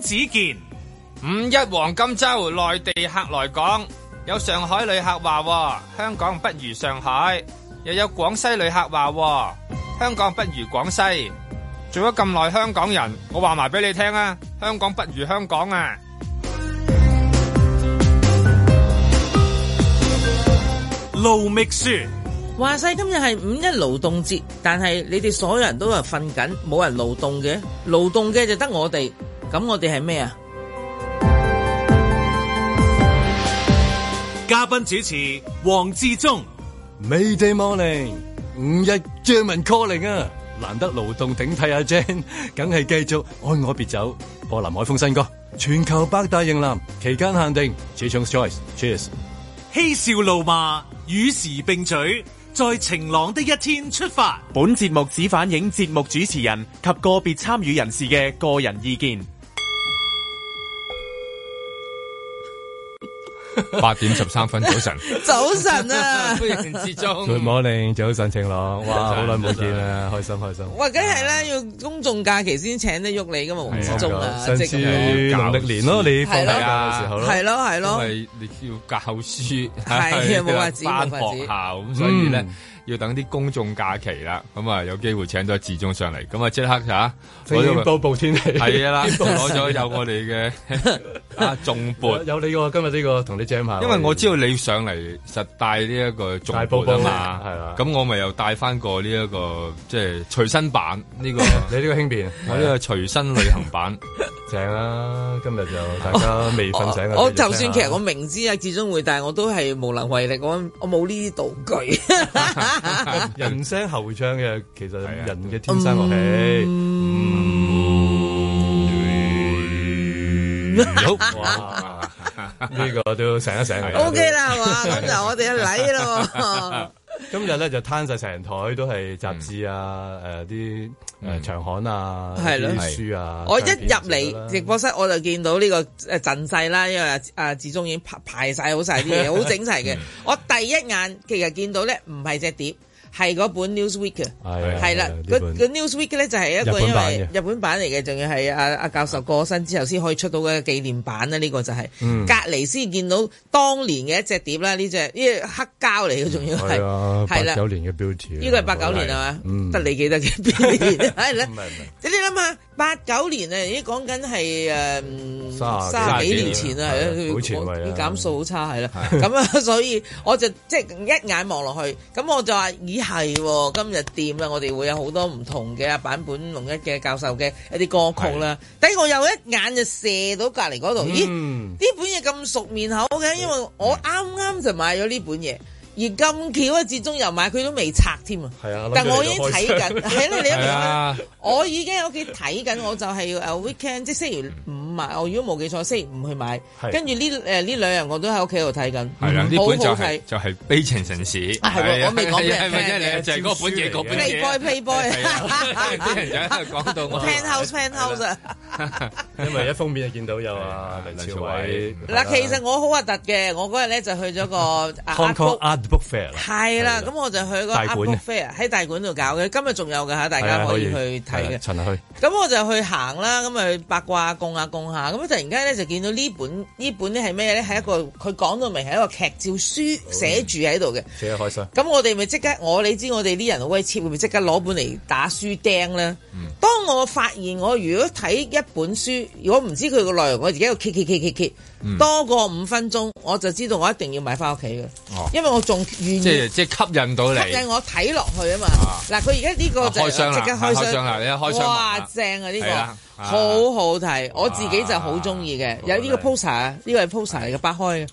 子健，五一黃金周，內地客來港，有上海旅客話香港不如上海，又有廣西旅客話香港不如廣西。做咗咁耐香港人，我話埋俾你聽啊！香港不如香港啊！盧覓雪，話晒今日係五一勞動節，但係你哋所有人都係瞓緊，冇人勞動嘅，勞動嘅就得我哋。咁我哋係咩啊？嘉賓主持黃志忠 Mayday morning，五日張文 call 嚟啊，難得勞動頂替阿 Jan，梗係繼續愛我別走，播林海峰新歌，全球八大硬男期間限定全場 choice，cheers。嬉 choice. 笑怒罵，與時並舉，在晴朗的一天出發。本節目只反映節目主持人及個別參與人士嘅個人意見。八點十三分，早晨，早晨啊！歡迎黃志忠，徐摩令，早晨，晴朗，哇，好耐冇見啦，開心開心。哇，梗係啦，要公眾假期先請得喐你噶嘛，黃志忠啊，即係你農曆年咯，你放假嘅時候咯，係咯係咯，因為你要教書，係冇法子冇法子吓，咁所以咧。要等啲公眾假期啦，咁啊有機會請到志忠上嚟，咁啊即刻吓，利用多部天氣係啊啦，攞咗有我哋嘅重撥，有你喎，今日呢個同你正下，因為我知道你上嚟實帶呢一個重撥啊嘛，係啦，咁我咪又帶翻個呢一個即係隨身版呢個，你呢個輕便，我呢個隨身旅行版，正啦，今日就大家未瞓醒，我就算其實我明知啊，志忠會，但係我都係無能為力，我我冇呢啲道具。人聲喉唱嘅，其實人嘅天生樂器。好，呢個都醒一醒。嘅的。O K 啦，咁就我哋一禮咯。 今日咧就攤晒成台都係雜誌啊，誒啲誒長刊啊，係、嗯、書啊，的唱片 我一入嚟直播室我就見到呢、這個誒陣勢啦，因為啊志中已經排排曬好曬啲嘢，好 整齊嘅。嗯、我第一眼其實見到咧，唔係隻碟。係嗰本 Newsweek 嘅，係啦，嗰 Newsweek 咧就係一個因為日本版嚟嘅，仲要係阿阿教授過身之後先可以出到嘅紀念版啦，呢個就係隔離先見到當年嘅一隻碟啦，呢隻呢隻黑膠嚟嘅，仲要係係啦，八九年嘅 Beauty 呢個係八九年啊嘛，得你記得嘅，係啦，你諗下。八九年啊，已經講緊係三十幾年前啦，啲減數好差係啦。咁啊，所以我就即係、就是、一眼望落去，咁我就話咦係喎，今日掂啦，我哋會有好多唔同嘅版本，龍一嘅教授嘅一啲歌曲啦。但係我又一眼就射到隔離嗰度，嗯、咦？呢本嘢咁熟面口嘅，因為我啱啱就買咗呢本嘢。而咁巧啊，節中又買佢都未拆添啊！係啊，但我已經睇緊喺你一屋企，我已經喺屋企睇緊，我就係誒 weekend，即係星期五啊。我如果冇記錯，星期五去買，跟住呢誒呢兩日我都喺屋企度睇緊。係啦，呢本就係就係悲情城市。係我未講嘅。係咪真係就係嗰本嘢，嗰本嘢。Playboy，Playboy。係啊，講到我。Penthouse，Penthouse 啊！因為一封面又見到有啊，梁朝偉。嗱，其實我好核突嘅，我嗰日咧就去咗個 b o o 係啦，咁我就去個 bookfair 喺大館館度搞嘅，今日仲有㗎吓，呀大家可以去睇嘅。 去，咁我就去行啦，咁咪八卦供下、啊、供下、啊，咁啊然突然間咧就見到本 本呢本呢本咧係咩咧？係一個佢講到明係一個劇照書寫住喺度嘅，寫開心。咁我哋咪即刻，我你知我哋啲人好威切會唔會即刻攞本嚟打書釘咧？ 嗯、當我發現我如果睇一本書，如果唔知佢個內容，我自己要揭揭揭揭。多過五分鐘，我就知道我一定要買翻屋企嘅，因為我仲願意即係吸引到你吸引我睇落去嘛，啊嘛，嗱，佢而家呢個就即、是、刻開箱啦，哇正啊呢、啊這個啊好好睇，我自己就好中意嘅，啊、有呢個 poster，呢個係 poster、啊、嚟嘅，擺開嘅。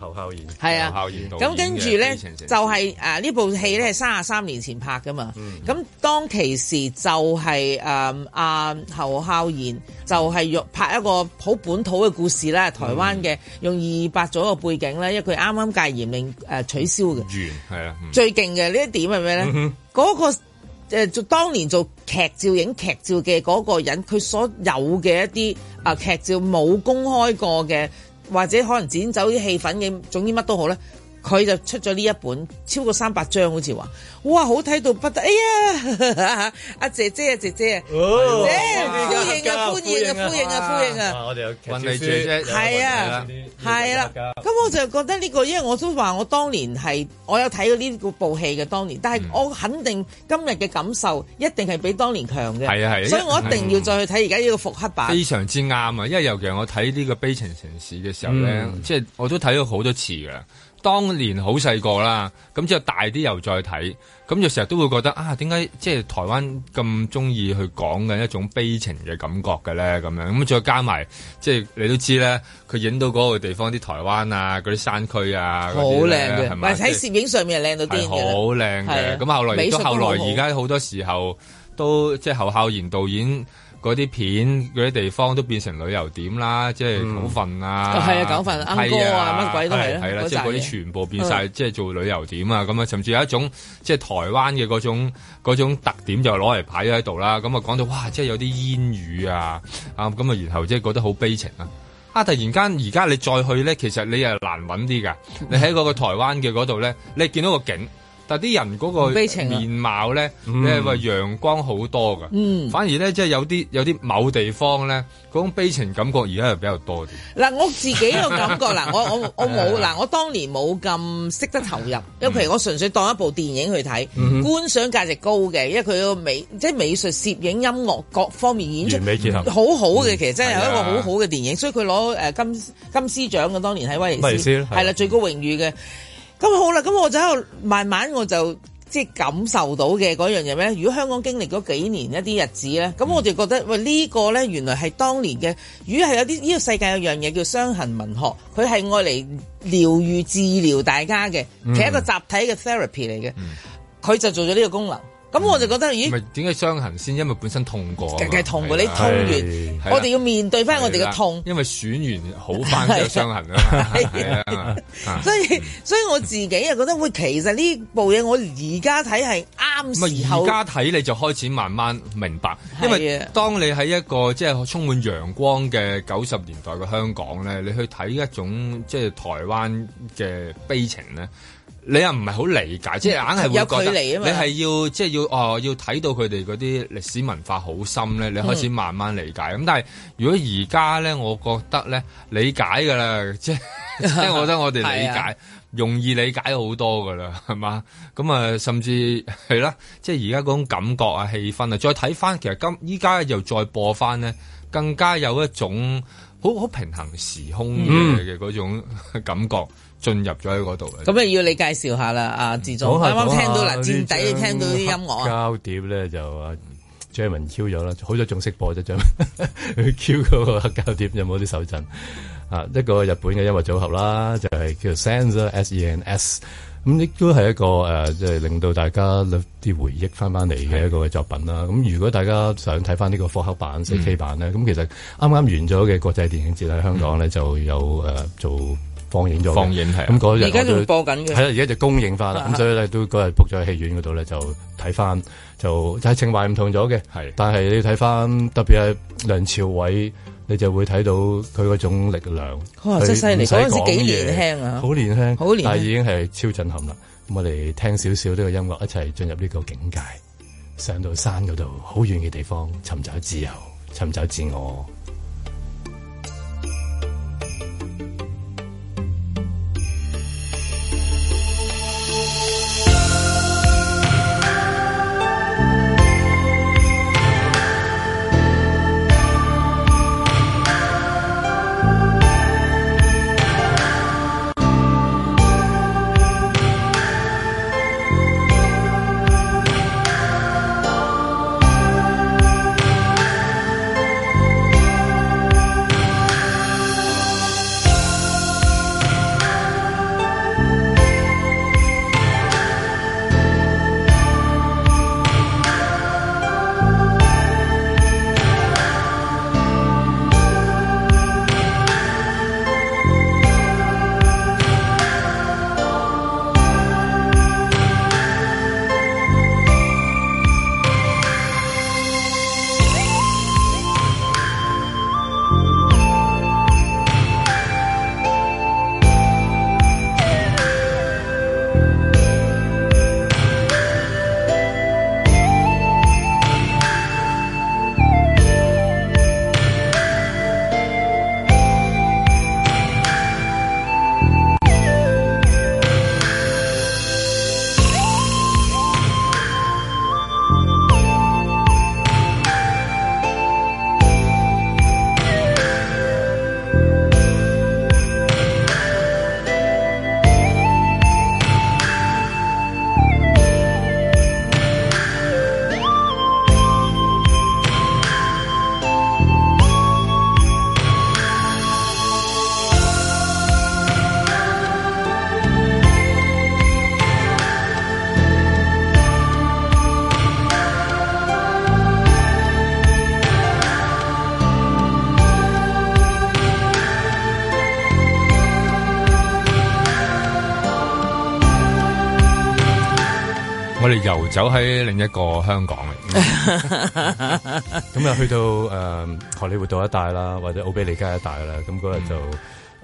侯孝賢，係啊，侯孝賢。咁跟住咧，就係誒呢部戲咧係三十三年前拍噶嘛。咁當其時就係誒阿侯孝賢就係用拍一個好本土嘅故事啦，台灣嘅、嗯、用二二八咗個背景咧，因為佢啱啱戒嚴令誒、啊、取消嘅。係啊，最勁嘅呢一點係咩咧？嗰個誒做當年做劇照影劇照嘅嗰個人，佢所有嘅一啲誒劇照冇公開過嘅。嗯或者可能剪走啲戲份嘅，總之乜都好咧。佢就出咗呢一本，超過三百張，好似話，哇，好睇到不得，哎呀，阿姐姐啊，姐姐啊，歡迎啊，歡迎啊，歡迎啊，歡迎啊，我哋姐姐啊，係啊，係啦，咁我就覺得呢個，因為我都話我當年係，我有睇過呢個部戲嘅當年，但係我肯定今日嘅感受一定係比當年強嘅，係啊係，所以我一定要再去睇而家呢個復刻版，非常之啱啊，因為尤其我睇呢個《悲情城市》嘅時候咧，即係我都睇咗好多次噶。當年好細個啦，咁之後大啲又再睇，咁就成日都會覺得啊，點解即係台灣咁中意去講嘅一種悲情嘅感覺嘅咧？咁樣咁再加埋，即係你都知咧，佢影到嗰個地方啲台灣啊，嗰啲山區啊，好靚嘅，係咪？喺攝影上面靚到啲，好靚嘅。咁的後來後來而家好多時候都即係侯孝賢導演。嗰啲片嗰啲地方都變成旅遊點啦，即係九份啊，係啊，九份啊，鶯歌啊，乜鬼都係啦，即係嗰啲全部變曬，即係做旅遊點啊，咁啊，甚至有一種即係台灣嘅嗰種嗰種特點就攞嚟擺咗喺度啦，咁啊講到哇，即係有啲煙雨啊，啊咁啊，然後即係覺得好悲情啊，啊突然間而家你再去咧，其實你啊難揾啲㗎，你喺嗰個台灣嘅嗰度咧，你見到個景。但啲人嗰個面貌咧，你係話陽光好多噶，反而咧即係有啲有啲某地方咧嗰種悲情感覺，而家係比較多啲。嗱，我自己個感覺啦，我我我冇嗱，我當年冇咁識得投入，尤其我純粹當一部電影去睇，觀賞價值高嘅，因為佢個美即係美術、攝影、音樂各方面演出美好好嘅，其實真係有一個好好嘅電影，所以佢攞誒金金獅獎嘅，當年喺威尼斯，係啦最高榮譽嘅。咁好啦，咁我就喺度慢慢，我就即係感受到嘅嗰樣嘢咩？如果香港經歷咗幾年一啲日子咧，咁我就覺得喂、這個、呢個咧，原來係當年嘅，如果係有啲呢、這個世界有樣嘢叫傷痕文學，佢係愛嚟療癒治療大家嘅，佢一個集體嘅 therapy 嚟嘅，佢、mm. 就做咗呢個功能。咁我就覺得，咦？點解傷痕先？因為本身痛過，係痛過你痛完，我哋要面對翻我哋嘅痛。因為選完好翻只傷痕啊！所以所以我自己又覺得，喂，其實呢部嘢，我而家睇係啱時候。而家睇你就開始慢慢明白，因為當你喺一個即係充滿陽光嘅九十年代嘅香港咧，你去睇一種即係台灣嘅悲情咧。你又唔係好理解，即係硬係會覺得你係要有距離嘛，即係要誒、呃、要睇到佢哋嗰啲歷史文化好深咧，你開始慢慢理解。咁、嗯、但係如果而家咧，我覺得咧理解噶啦，即係即係我覺得我哋理解、 啊、容易理解好多噶啦，係嘛？咁啊，甚至係啦，即係而家嗰種感覺啊、氣氛啊，再睇翻其實今依家又再播翻咧，更加有一種好好平衡時空嘅嘅嗰種感覺。嗯。進入咗喺嗰度，咁啊要你介紹下啦，啊自重啱啱聽到嗱，尖底聽到啲音樂膠碟咧就阿 James Q 有啦，好在仲識播啫，James Q 嗰個黑膠碟有冇啲手震啊？一個日本嘅音樂組合啦，就係叫 Sens S E N S，咁亦都係一個誒，即係令到大家啲回憶翻翻嚟嘅一個作品啦。咁如果大家想睇翻呢個復刻版、4K 版咧，咁其實啱啱完咗嘅國際電影節喺香港咧就有誒做。放映咗，放映係，咁嗰日都，而家仲播緊嘅，係啦，嗯，而家就公映翻啦，咁的所以咧都嗰日 book 咗喺戲院嗰度咧就睇翻，就就係，就是、情懷唔同咗嘅。係的，但係你睇翻，特別係梁朝偉，你就會睇到佢嗰種力量，哇，真犀利他，嗰陣時幾年輕啊，好年輕，好年輕，但係已經係超震撼啦。咁我哋聽少少呢個音樂，一齊進入呢個境界，上到山嗰度好遠嘅地方，尋找自由，尋找自我。我哋遊走喺另一個香港嚟，咁又去到誒荷里活道一帶啦，或者奧卑利街一帶啦，咁嗰日就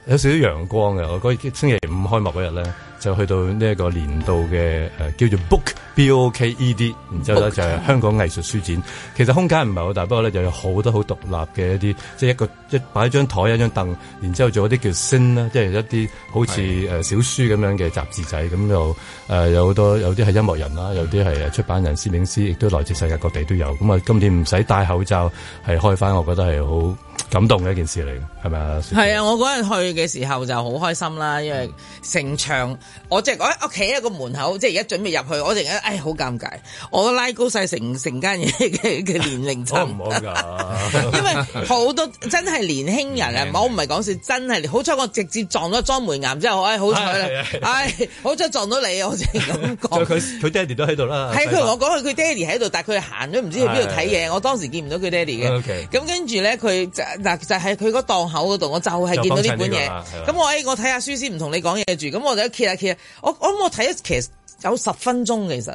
有少少陽光嘅。我嗰星期五開幕嗰日咧，就去到呢一個年度嘅誒、呃，叫做 Book B O K E D，然之後咧就係香港藝術書展。其實空間唔係好大，不過咧就有好多好獨立嘅一啲，即係一個一擺張枱、一張凳，然之後做一啲叫 Zine 啦，即係一啲好似誒小書咁樣嘅雜誌仔咁，就誒有好多，有啲係音樂人啦，有啲係出版人、攝影師，亦都來自世界各地都有。咁、嗯、啊，今年唔使戴口罩係開返，我覺得係好感動嘅一件事嚟嘅，係咪啊？係啊，我嗰日去嘅時候就好開心啦，因為成場～我即係我喺屋企一個門口，即係而家準備入去，我成日唉好尷尬，我拉高晒成成間嘢嘅年齡差，唔多，因為好多真係年輕人啊，唔我唔係講笑，真係好彩我直接撞咗莊梅岩之後，唉好彩咧，唉好彩撞到你，我淨係咁講。佢爹哋都喺度啦，係佢同我講佢爹哋喺度，但係佢行咗唔知去邊度睇嘢，我當時見唔到佢爹哋嘅。咁跟住咧，佢就係佢嗰檔口嗰度，我就係見到呢本嘢。咁我唉我睇下書先，唔同你講嘢住。咁我就揭。我我我睇一其實有十分鐘其實。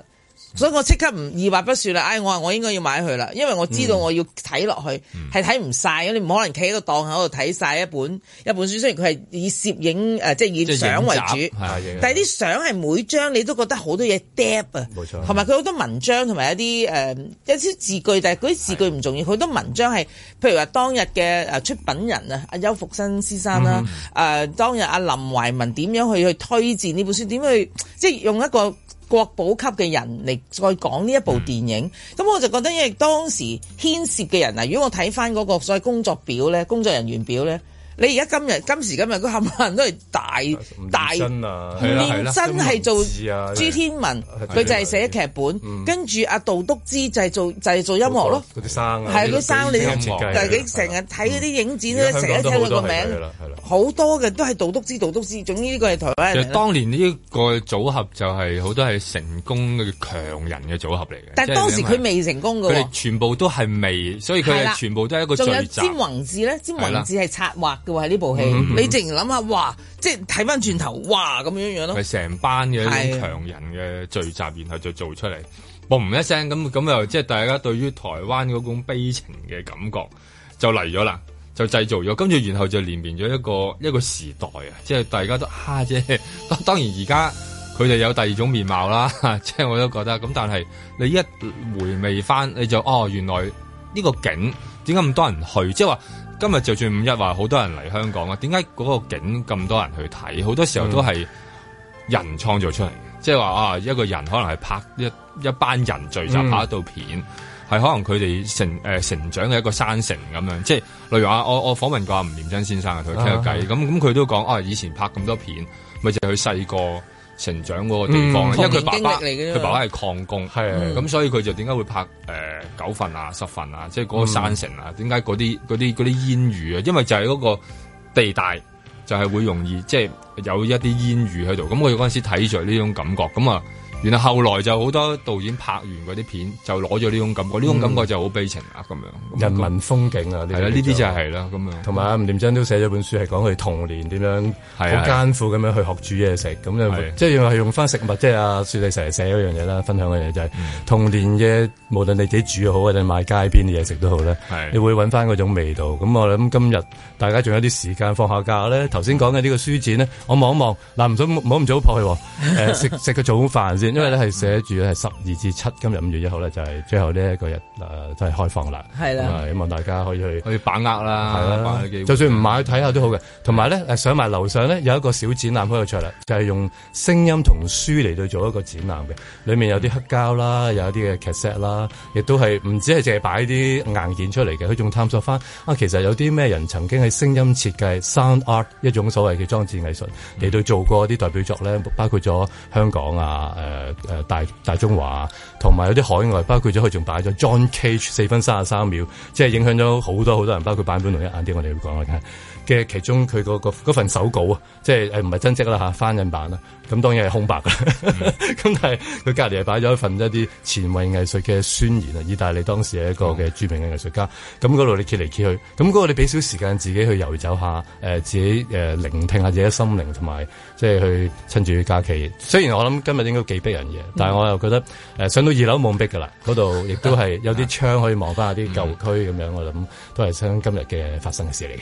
所以我即刻唔二話不說啦，唉、哎，我話我應該要買佢啦，因為我知道我要睇落去係睇唔晒。你唔可能企喺個檔口度睇晒一本一本書。雖然佢係以攝影誒、呃，即係以相為主，但係啲相係每張你都覺得好多嘢釘啊，冇錯。同埋佢好多文章同埋一啲誒、呃、一啲字句，但係嗰啲字句唔重要，佢好是多文章係譬如話當日嘅誒出品人啊，阿邱福新先生啦，誒、呃、當日阿林懷文點樣去去推薦呢本書，點去即係用一個。國寶級嘅人嚟，再講呢一部電影，咁我就覺得因為當時牽涉嘅人，啊，如果我睇翻嗰個所謂工作表，咧，工作人員表咧。你而家今日今時今日，佢冚唪唥都係大大，鍾啊，鍾真係做朱天文，佢就係寫劇本，跟住阿杜篤之就係做就係做音樂咯。佢啲生，係啊，嗰生，你啲音樂，佢成日睇嗰啲影展咧，成日聽佢個名，好多嘅都係杜篤之，杜篤之，總之呢個係台灣。其實當年呢個組合就係好多係成功嘅強人嘅組合嚟嘅。但係當時佢未成功嘅。佢哋全部都係未，所以佢係全部都係一個。仲有詹宏志咧，詹宏志係策劃。話係呢部戲，嗯嗯、你淨係諗下，哇！即係睇翻轉頭，哇！咁樣樣咯，係成班嘅強人嘅聚集，的然後就做出嚟，嘣一聲咁咁又即係大家對於台灣嗰種悲情嘅感覺就嚟咗啦，就製造咗，跟住然後就連綿咗一個一個時代啊！即係大家都哈即當當然而家佢哋有第二種面貌啦，即係我都覺得咁，但係你一回味翻，你就哦，原來呢個景點解咁多人去，即係話。今日就算五一話好多人嚟香港啊，點解嗰個景咁多人去睇？好多時候都係人創造出嚟，即係話啊，一個人可能係拍一一班人聚集拍一套片，係、嗯、可能佢哋成誒、呃、成長嘅一個山城咁樣。即係例如話，我我訪問過吳念真先生聊聊啊，同佢傾咗偈，咁咁佢都講啊，以前拍咁多片，咪就係佢細個。成長嗰個地方、嗯、因為佢爸爸佢、嗯、爸爸係礦工，係咁、嗯、所以佢就點解會拍誒、呃、九份啊、十份啊，即係嗰個山城啊？點解嗰啲嗰啲嗰啲煙雨啊？因為就係嗰個地帶，就係、是、會容易即係、就是、有一啲煙雨喺度。咁我嗰陣時睇著呢種感覺，咁啊。然後後來就好多導演拍完嗰啲片就攞咗呢種感覺，呢種感覺就好悲情啊咁樣，人文風景啊，係啦，呢啲就係啦咁樣。同埋啊，吳念真都寫咗本書，係講佢童年點樣好艱苦咁樣去學煮嘢食，咁樣即係用翻食物，即係阿雪莉成日寫嗰樣嘢啦，分享嘅嘢就係童年嘅，無論你自己煮好，或者買街邊嘅嘢食都好咧，你會揾翻嗰種味道。咁我諗今日大家仲有啲時間，放下假咧，頭先講嘅呢個書展咧，我望一望嗱，唔好唔早撲去，誒食食個早飯先。因為咧係寫住咧係十二至七，今日五月一號咧就係最後呢一個日誒都係開放啦，係啦的，希望大家可以去可以把握啦，係啦的，就算唔買睇下都好嘅。同埋咧誒，上埋樓上咧有一個小展覽可以睇啦，就係、是、用聲音同書嚟到做一個展覽嘅，裏面有啲黑膠啦，有一啲嘅劇 set 啦，亦都係唔止係淨係擺啲硬件出嚟嘅，佢仲探索翻啊，其實有啲咩人曾經係聲音設計三 o art） 一種所謂嘅裝置藝術嚟到做過啲代表作咧，包括咗香港啊誒。呃誒誒、呃，大大中華同埋有啲海外，包括咗佢仲擺咗 John Cage 四分三十三秒，即係影響咗好多好多人，包括版本同一眼啲，我哋會講開啦。嘅其中佢嗰、嗰個份手稿啊，即係誒唔係真迹啦吓，翻印版啦，咁當然係空白嘅。咁、mm hmm. 但係佢隔籬又擺咗一份一啲前衛藝術嘅宣言啊，意大利當時係一個嘅著名嘅藝術家。咁嗰度你揭嚟揭去，咁嗰個你俾少時間自己去游走下，誒、呃、自己誒、呃、聆聽下自己嘅心靈，同埋即係去趁住假期。雖然我諗今日應該幾逼人嘅，mm hmm. 但係我又覺得誒、呃、上到二樓冇咁逼噶啦，嗰度亦都係有啲窗可以望翻下啲舊區咁樣。我諗都係想今日嘅發生嘅事嚟嘅。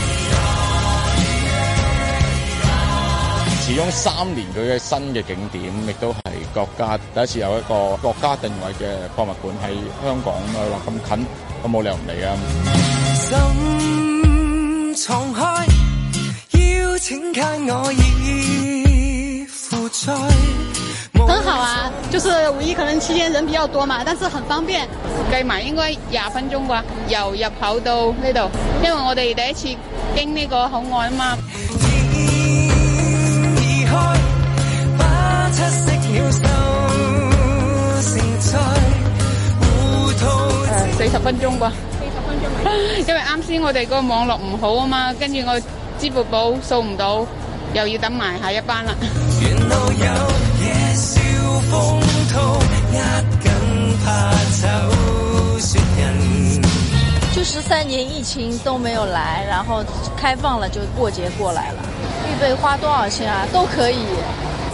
其中三年佢嘅新嘅景點亦都係國家第一次有一個國家定位嘅博物館喺香港 啊！咁近咁冇理由唔嚟啊！心重開，請我真好啊！就是五一可能期間人比較多嘛，但是很方便。計埋應該廿分鐘啩？由入口到呢度，因為我哋第一次經呢個口岸啊嘛。四十，呃、分鐘吧，四十分鐘，因為啱先我哋個網絡唔好啊嘛，跟住，我支付寶掃唔到，又要等埋下一班啦。就十三年疫情都沒有來，然後開放了就過節過來了，預備花多少錢啊？都可以，啊。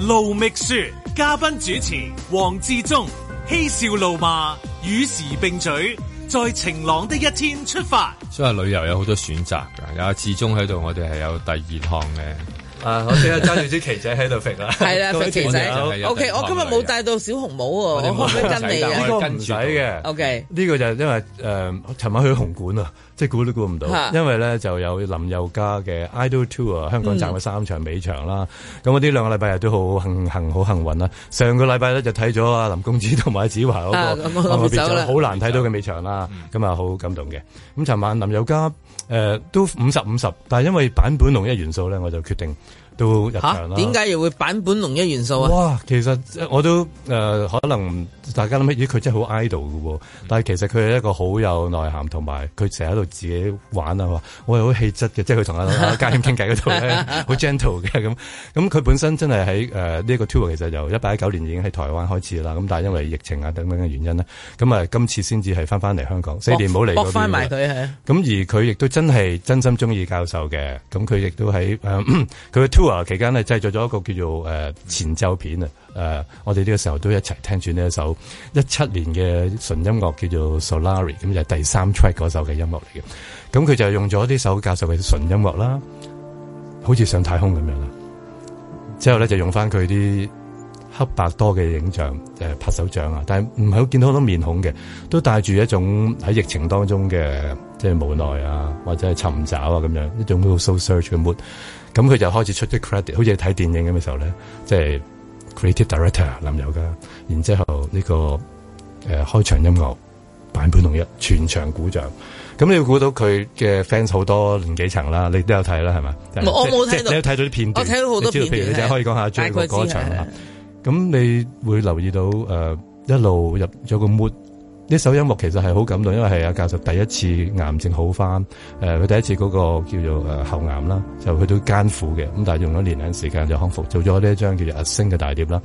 盧覓雪，嘉賓主持黃志忠，嬉笑怒罵，與時並舉，在晴朗的一天出發。所以旅遊有好多選擇噶，有志忠喺度，我哋係有第二趟嘅。啊！我成日揸住支旗仔喺度揈啦，係啦，旗仔。O、okay, K，我今日冇帶到小紅帽喎，我唔可以跟你啊。呢個唔使嘅。O K，呢個就係因為誒，尋、uh, 晚去紅館啊，即係估都估唔到， 因為咧就有林宥嘉嘅 Idol Tour 香港站嘅三場尾場啦。咁我呢兩個禮拜日都好幸幸好幸運啦。上個禮拜咧就睇咗阿林公子同埋子華嗰、嗰個，嗯啊、我咪變咗好難睇到嘅尾場啦。咁啊好感動嘅。咁尋晚林宥嘉。誒、呃、都五十五十，但係因為版本同一元素咧，我就決定。都入場啦。點解、啊、又會坂本龍一元素啊？哇，其實我都誒、呃，可能大家諗乜嘢？佢、呃、真係好 idol 嘅喎，但係其實佢係一個好有內涵，同埋佢成日喺度自己玩啊，我係好氣質嘅，即係佢同阿阿嘉添傾偈嗰度咧，好、啊、 gentle 嘅咁。咁佢本身真係喺誒呢個 tour 其實由一八一九年已經喺台灣開始啦。咁但係因為疫情啊等等嘅原因咧，咁啊今次先至係翻翻嚟香港四年冇嚟，博翻埋佢係。咁而佢亦都真係真心鍾意教授嘅。咁佢亦都喺佢嘅 tour 期間咧製作咗一個叫做誒、呃、前奏片啊，誒、呃，我哋呢個時候都一齊聽住呢一首一七年嘅純音樂叫做 Solari，咁、嗯、就係、第三 track 嗰首嘅音樂嚟嘅。咁、嗯、佢就用咗呢首教授嘅純音樂啦，好似上太空咁樣啦。之後咧就用翻佢啲黑白多嘅影像誒、呃、拍手掌啊，但係唔係好見到好多面孔嘅，都帶住一種喺疫情當中嘅即係無奈啊，或者係尋找啊咁樣一種叫做 So Search 嘅 mood。咁佢就開始出啲 credit，好似睇電影咁嘅時候咧，即、就、係、是、creative director 林有噶，然之後呢、這個誒、呃、開場音樂版本同一，全場鼓掌。咁你會估到佢嘅 fans 好多年級層啦，你都有睇啦，係咪？不就是、我冇睇到，你都睇到啲片段，我睇到好多段譬如你就可以講下最後個場啦。咁的你會留意到誒、呃、一路入咗個 mood。呢首音樂其實係好感動，因為係阿教授第一次癌症好返。誒、呃，佢第一次嗰個叫做誒喉癌啦，就去到艱苦嘅。咁但係用咗一年時間就康復，做咗呢一張叫做《阿星》嘅大碟啦。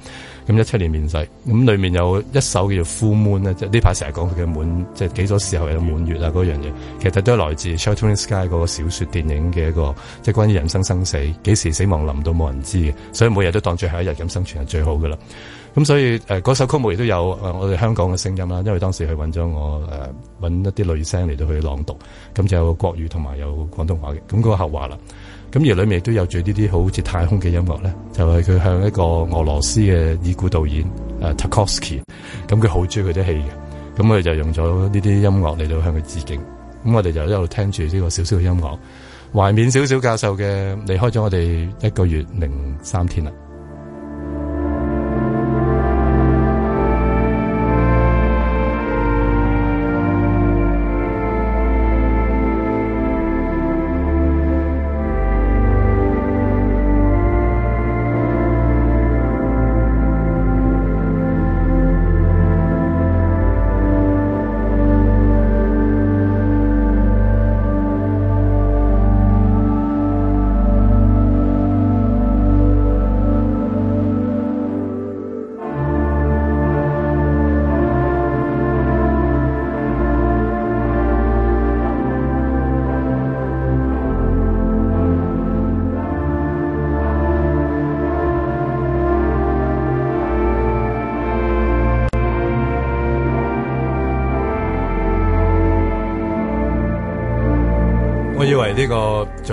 咁一七年面世。咁、嗯、裏面有一首叫做《Full Moon》呢排成日講佢嘅滿，即係、就是、幾多時候有滿月啊嗰樣嘢。其實都係來自《Sheltering Sky》嗰個小說電影嘅一個，即、就、係、是、關於人生生死，幾時死亡臨到冇人知嘅，所以每日都當最後一日咁生存係最好嘅啦。咁所以誒，嗰、呃、首曲目亦都有誒、呃，我哋香港嘅聲音啦，因為當時佢揾咗我誒揾、呃、一啲女聲嚟到去朗讀，咁就有國語同埋有廣東話嘅，咁嗰個客話啦。咁而裏面亦都有住呢啲好似太空嘅音樂咧，就係、是、佢向一個俄羅斯嘅已故導演誒、呃、Tarkovsky 咁佢好中意佢啲戲嘅，咁我哋就用咗呢啲音樂嚟到向佢致敬。咁我哋就一路聽住呢個小小嘅音樂，懷緬小小教授嘅離開咗我哋一個月零三天啦。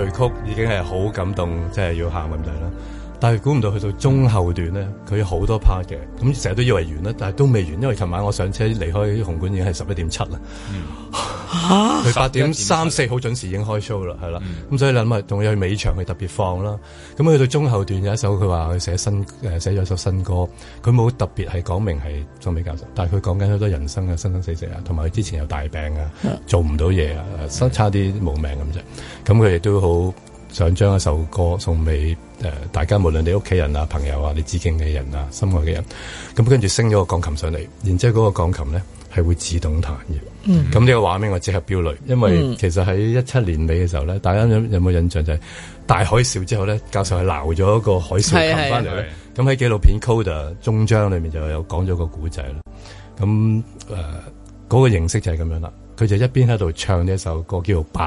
序曲 已經係好感動，即係要喊咁滯啦。但係估唔到去到中後段咧，佢好多 part 嘅，咁成日都以為完啦，但係都未完，因為琴晚我上車離開紅館已經係十一點七啦。嗯佢八、啊、點三四好準時已經開 show 啦，係啦，咁、嗯嗯、所以諗埋，仲去尾場去特別放啦。咁去到中後段有一首，佢話佢寫新誒、呃、寫咗首新歌，佢冇特別係講明係送俾教授，但係佢講緊好多人生啊、生生死死啊，同埋佢之前有大病啊，做唔到嘢啊，啊，差啲冇命咁啫。咁佢亦都好想將一首歌送俾誒、呃、大家，無論你屋企人啊、朋友啊、你致敬嘅人啊、心愛嘅人。咁跟住升咗個鋼琴上嚟，然之後嗰個鋼琴咧。係會自動彈嘅，咁呢、嗯、個畫面我即刻飆淚，因為其實喺一七年尾嘅時候咧，嗯、大家有有冇印象就係、是、大海嘯之後咧，教授係撈咗一個海嘯琴翻嚟，咧，咁喺紀錄片《Coda》終章裏面就有講咗個古仔啦，咁誒嗰個形式就係咁樣啦，佢就一邊喺度唱呢一首歌叫做《白》。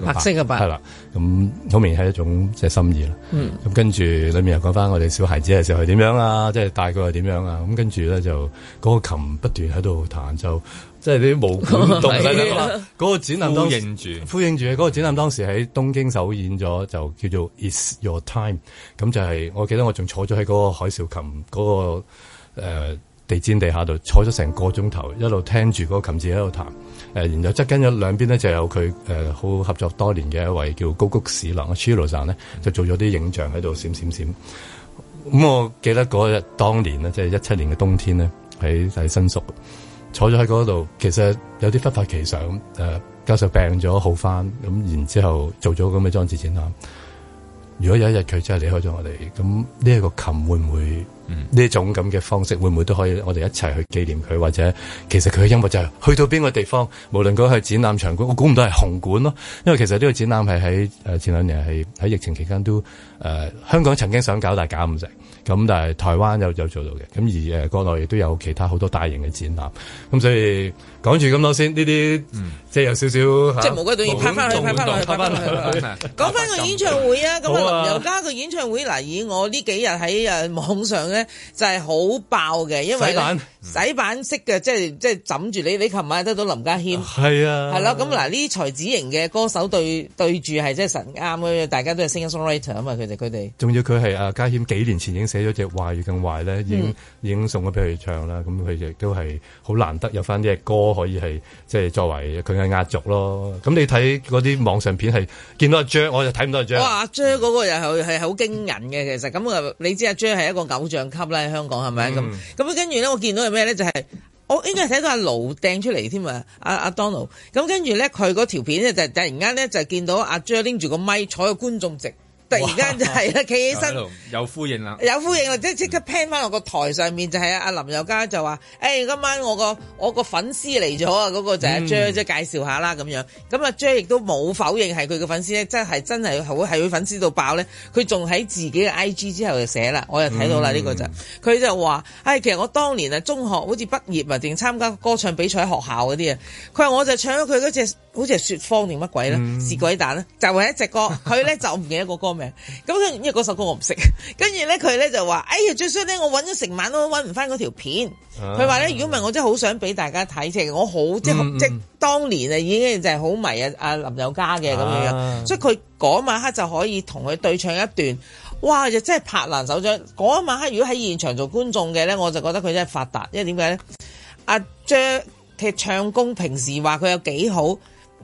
白色嘅白，係啦，咁好明顯係一種即係、就是、心意啦。咁、嗯、跟住裏面又講翻我哋小孩子嘅時候係點樣啊，即係大個係點樣啊。咁跟住咧就嗰個琴不斷喺度彈，就即係啲毛，故移嗰個展覽都呼住， 呼應住著嗰個展覽當時喺東京首演咗，就叫做 Is Your Time、就是。咁就係我記得我仲坐咗喺嗰個海嘯琴嗰、那個誒、呃、地氈地下度坐咗成個鐘頭，一路聽住嗰個琴字喺度彈。誒，然後側跟咗兩邊咧，就有佢誒好合作多年嘅一位叫高谷史郎啊，Shiro 先生咧，mm hmm. 就做咗啲影像喺度閃閃閃閃。咁我記得嗰日當年、就係、年呢，即係一七年嘅冬天咧，喺喺新宿坐咗喺嗰度，其實有啲忽發奇想。誒、呃，教授病咗好返，咁然之後做咗咁嘅裝置展覽。如果有一日佢真係離開咗我哋，咁呢一個琴會唔會？呢種咁嘅方式會唔會都可以，我哋一齊去紀念佢，或者其實佢嘅音樂就係去到邊個地方，無論佢去展覽場館，我估唔到係紅館咯，因為其實呢個展覽係喺誒前兩年係喺疫情期間都誒香港曾經想搞，但搞唔成。咁但係台灣有有做到嘅，咁而誒國內亦都有其他好多大型嘅展覽。咁所以講住咁多先，呢啲即係有少少即係冇嗰種。講返個演唱會啊，咁啊林宥嘉嘅演唱會嗱，以我呢幾日喺誒網上。就係好爆嘅，因為，洗版式嘅，即係即係枕住你。你琴晚得到林家謙係啊，係咯、啊。咁嗱，呢才子型嘅歌手對對住係真係神啱嘅，大家都係 sing-song writer 啊嘛，佢哋佢哋。仲要佢係阿家謙幾年前已經寫咗隻壞與更壞咧，已經、嗯、已經送咗俾佢唱啦。咁佢亦都係好難得有翻啲歌可以係即係作為佢嘅壓軸咯。咁你睇嗰啲網上片係見到阿 J，、er，我就睇唔到阿 J、er。哇、啊！阿 J 嗰、er、個又係係好驚人嘅，其實咁啊，你知阿 J 係、er、一個偶像級啦，香港係咪咁？咁、嗯、跟住咧，我見到。咩咧就係、是、我應該係睇到阿盧掟出嚟添啊，阿、啊、阿 Donald，咁、嗯、跟住咧佢條片咧就突然間咧就見到阿 Joe 拎住個咪坐喺觀眾席。突然間就係企起身有呼應啦，有呼應啦，即係即刻 plan 翻落個台上面就係、是、阿林宥嘉就話：，誒、hey, 今晚我個我個粉絲嚟咗啊，嗰、那個就、嗯、阿 j a、er、d 介紹下啦咁樣。咁阿 j a 亦都冇否認係佢嘅粉絲咧，真係真係好係佢粉絲到爆咧。佢仲喺自己嘅 IG 之後就寫啦，我又睇到啦呢個就，佢、嗯、就話：，誒、hey, 其實我當年啊中學好似畢業啊，定參加歌唱比賽學校嗰啲啊，佢話我就唱咗佢嗰隻好似係説謊定乜鬼啦，蝨、嗯、鬼蛋咧，就係、是、一隻歌，佢咧就唔記得個歌。 咁因為嗰首歌我唔識，跟住咧佢咧就話，哎呀，最衰咧我搵咗成晚都搵唔翻嗰條片。佢話咧，如果唔係我真係好想俾大家睇嘅，我好、嗯嗯、即係即係當年啊，已經就係好迷啊阿林宥嘉嘅咁樣。所以佢嗰晚黑就可以同佢對唱一段，哇！又真係拍爛手掌。嗰晚黑如果喺現場做觀眾嘅咧，我就覺得佢真係發達，因為點解咧？阿張嘅、er, 唱功平時話佢有幾好，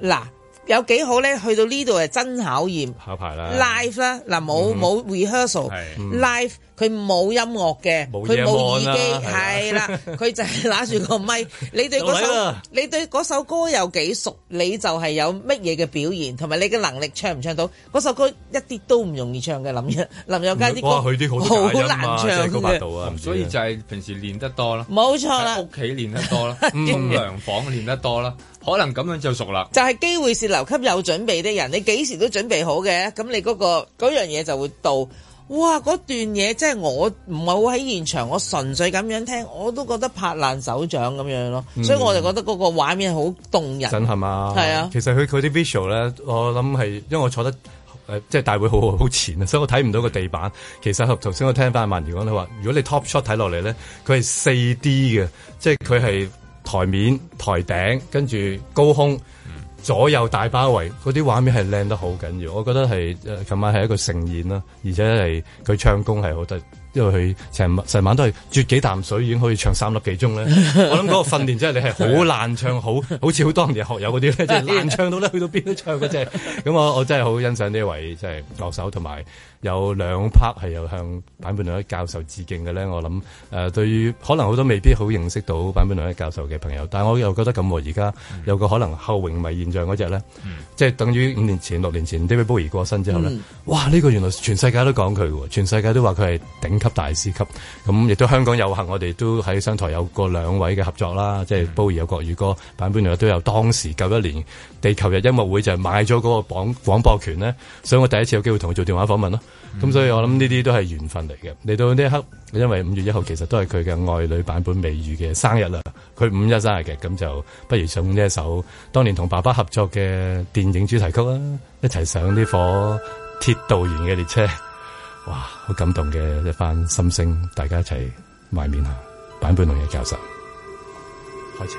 嗱。有幾好咧？去到呢度係真考驗。考牌啦！Live 啦，嗱冇冇 rehearsal，live 佢冇音樂嘅，佢冇耳機，係啦，佢就係攞住個咪。你對嗰首，你對首歌有幾熟？你就係有乜嘢嘅表現，同埋你嘅能力唱唔唱到嗰首歌？一啲都唔容易唱嘅林宥林宥嘉啲歌，好難唱嘅。所以就係平時練得多啦。冇錯啦，屋企練得多啦，沖涼房練得多啦。可能咁樣就熟啦，就係機會是留給有準備的人。你幾時都準備好嘅，咁你嗰、嗰個嗰樣嘢就會到。哇，嗰段嘢即係我唔係好喺現場，我純粹咁樣聽，我都覺得拍爛手掌咁樣咯。嗯、所以我就覺得嗰個畫面好動人。真係嘛？係啊。其實佢佢啲 visual 咧，vis ual, 我諗係，因為我坐得誒，即、呃、係、就是、大會好好前啊，所以我睇唔到個地板。其實頭先我聽翻萬如講，你話如果你 top shot 睇落嚟咧，佢係四 D 嘅，即係佢係。台面、台頂，跟住高空、嗯、左右大包圍，嗰啲畫面係靚得好緊要。我覺得係誒琴晚係一個盛宴啦，而且係佢唱功係好得，因為佢成成晚都係啜幾啖水已經可以唱三粒幾鐘咧。 我諗嗰個訓練真係你係好難唱，好好似好當年學友嗰啲咧，即、就、係、是、難唱到咧去到邊都唱嘅啫。咁、就是、我我真係好欣賞呢位即係歌手同埋。有兩 part 係又向坂本龍一教授致敬嘅咧，我諗誒、呃、對，可能好多未必好認識到坂本龍一教授嘅朋友，但係我又覺得咁喎、啊，而家有個可能後榮迷現象嗰隻咧，嗯、即係等於五年前、六年前 David Bowie 過身之後咧，嗯、哇！呢、這個原來全世界都講佢嘅，全世界都話佢係頂級大師級，咁、嗯、亦都香港有幸，我哋都喺商台有過兩位嘅合作啦，嗯、即係 Bowie 有國語歌，坂本龍一都有當時九一年地球日音樂會就買咗嗰個廣播權咧，所以我第一次有機會同佢做電話訪問咯。咁、嗯、所以我諗呢啲都係緣分嚟嘅。嚟到呢一刻，因為五月一號其實都係佢嘅愛女版本《美雨》嘅生日啦。佢五一生日嘅，咁就不如送呢一首當年同爸爸合作嘅電影主題曲啦。一齊上呢火鐵道員嘅列車，哇！好感動嘅一番心聲，大家一齊懷緬下版本龍嘅教授。開始。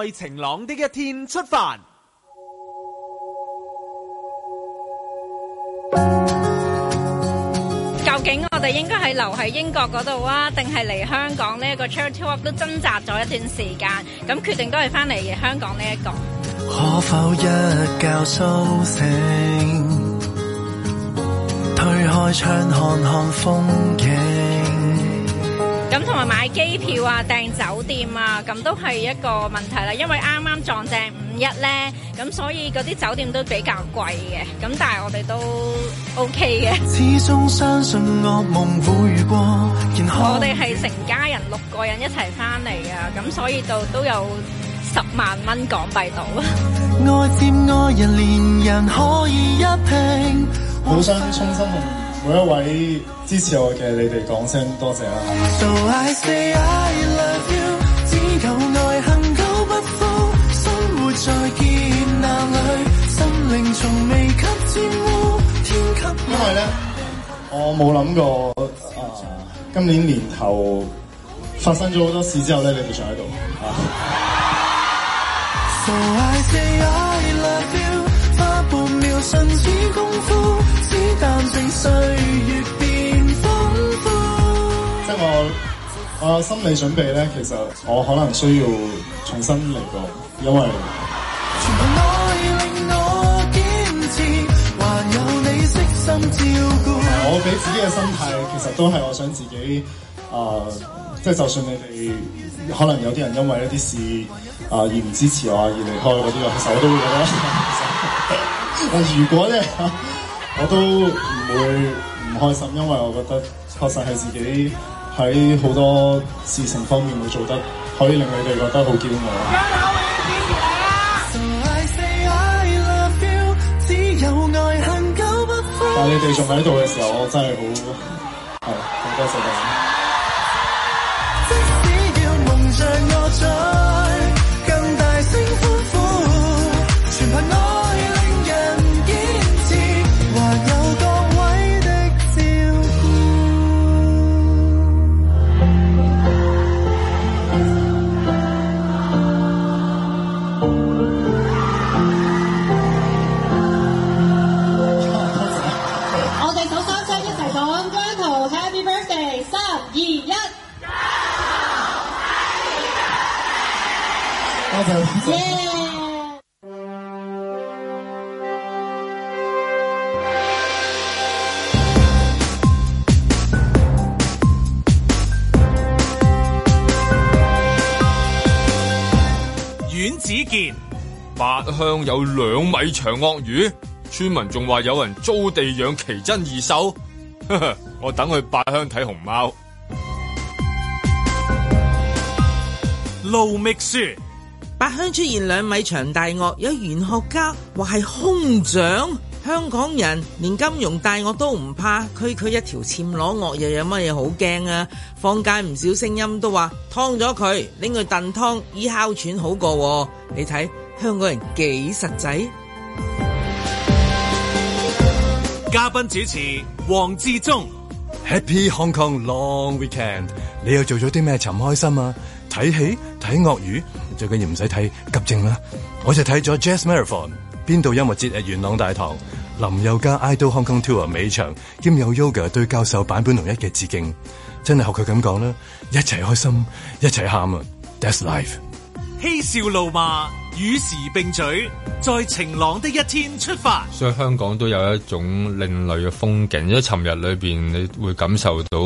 在晴朗的一天出發。究竟我哋應該係留喺英國嗰度啊，定係嚟香港呢？個 charter tour 都掙扎咗一段時間，咁決定都係翻嚟香港呢一個。可否一覺甦醒？推開窗看看風景。同埋買機票啊、訂酒店啊，咁都係一個問題啦。因為啱啱撞正五一咧，咁所以嗰啲酒店都比較貴嘅。咁但係我哋都 OK 嘅。我哋係成家人六個人一齊翻嚟啊，咁所以就都有十萬蚊港幣到。愛佔愛人連人可以一拼，好想沖沖涼。每一位支持我嘅，你哋講聲多謝啦。只求愛恨夠，不負，生活在劫難裡，心靈從未給沾污，天給的因為咧，我冇諗過啊、呃，今年年頭發生咗好多事之後咧，你哋仲喺度啊。So I say I love you, 即我我心理準備咧，其實我可能需要重新嚟過，因為。我俾自己嘅心態，其實都係我想自己啊、呃，即係就算你哋可能有啲人因為一啲事啊、呃、而唔支持我而離開，我其實我都會覺得。但。 如果咧？ 我都唔會唔開心，因為我覺得確實係自己喺好多事情方面會做得可以令你哋覺得好驕傲。但係你哋仲喺度嘅時候，我真係好係，好多謝大家。八鄉有兩米長鱷魚，村民仲話有人租地養奇珍異獸。 我等去八鄉睇熊貓。路米斯，八鄉出現兩米長大鱷，有玄學家話係空掌。香港人連金融大鱷都唔怕，區區一條暹羅鱷又有乜嘢好驚啊？坊間唔少聲音都話劏咗佢，拎佢燉湯醫哮喘好過、哦。你睇香港人幾實際？嘉賓主持黃志忠，Happy Hong Kong Long Weekend，你又做咗啲咩尋開心啊？睇戲、睇鱷魚，最緊要唔使睇急症啦，我就睇咗 Jazz Marathon。邊度音樂節？係元朗大堂，林宥嘉 idol Hong Kong tour 尾場，兼有 Yoga 對教授版本同一嘅致敬，真係學佢咁講啦，一齊開心，一齊喊啊 That's life。嬉笑怒罵，與時並舉，在晴朗的一天出發。 所以香港都有一種另類嘅風景。因為尋日裏邊，你會感受到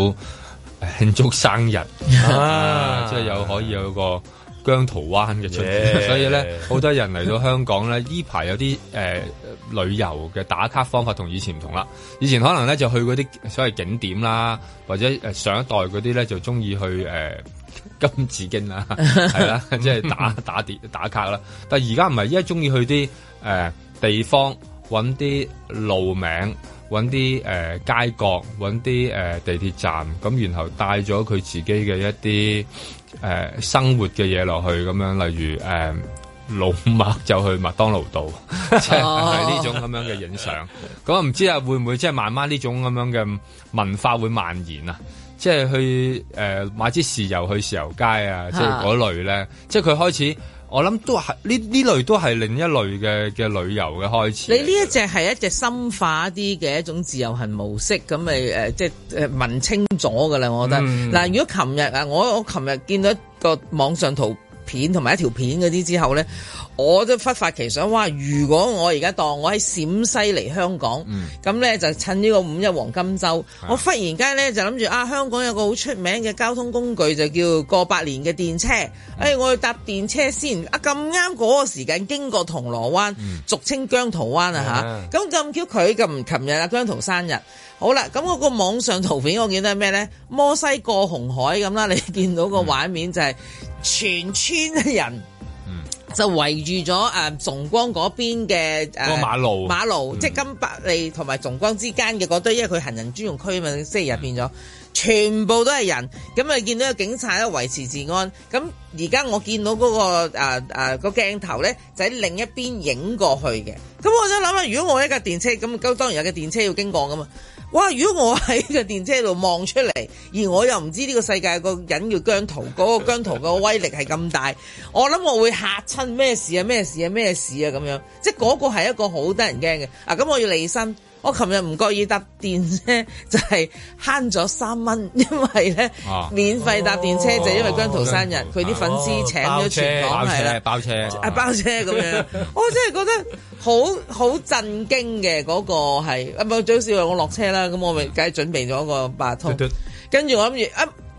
慶祝生日，即係有可以有個。姜濤灣嘅出現，Yeah. 所以咧 好多人嚟到香港咧，依排有啲誒、呃、旅遊嘅打卡方法同以前唔同啦。以前可能咧就去嗰啲所謂景點啦，或者誒上一代嗰啲咧就中意去誒、呃、金紫荊啦，係 啦，即、就、係、是、打打跌打卡啦。但係而家唔係，依家中意去啲誒地方揾啲路名。揾啲誒街角，揾啲誒地鐵站，咁然後帶咗佢自己嘅一啲誒、呃、生活嘅嘢落去，咁樣例如誒、呃、老麥就去麥當勞道，即係呢種咁樣嘅影相。咁、嗯、唔知啊，會唔會即係慢慢呢種咁樣嘅文化會蔓延啊？即係去誒、呃、買支豉油去豉油街啊，即係嗰類咧，即係佢開始。我諗都係呢，呢類都係另一類嘅嘅旅遊嘅開始。你呢一隻係一隻深化啲嘅一種自由行模式，咁咪誒即係誒問清楚噶啦。我覺得嗱、嗯，如果琴日啊，我我琴日見到一個網上圖。片同埋一條片嗰啲之後呢，我都忽發奇想，哇！如果我而家當我喺陝西嚟香港，咁呢、嗯、就趁呢個五一黃金周，的我忽然間呢就諗住啊，香港有個好出名嘅交通工具就叫過百年嘅電車，誒、哎，我去搭電車先。啊，咁啱嗰個時間經過銅鑼灣，嗯、俗稱姜濤灣的啊嚇，咁咁巧佢咁，琴日啊姜濤生日。好啦，咁嗰個網上圖片我見到係咩咧？摩西過紅海咁啦，你見到個畫面就係、是嗯、全村嘅人就圍住咗誒、呃，崇光嗰邊嘅誒馬路馬路，馬路嗯、即係金百利同埋崇光之間嘅嗰堆，因為佢行人專用區啊嘛，星期日變咗，嗯、全部都係人。咁啊，見到個警察咧維持治安。咁而家我見到嗰、那個誒誒個鏡頭咧，就喺另一邊影過去嘅。咁我想諗下，如果我一架電車咁，當然有架電車要經過㗎嘛。哇！如果我喺個電車度望出嚟，而我又唔知呢個世界個人叫姜濤，嗰、嗰個姜濤個威力係咁大，我諗我會嚇親咩事啊？咩事啊？咩事啊？咁樣，即係嗰個係一個好得人驚嘅啊！咁我要離身。我琴日唔覺意搭電車，就係慳咗三蚊，因為咧免費搭電車，就因為姜濤生日，佢啲粉絲請咗全港係啦，包車，包車，啊包車咁樣，我真係覺得好好震驚嘅嗰個係啊！冇最衰我落車啦，咁我咪梗係準備咗個八通，跟住我諗住一，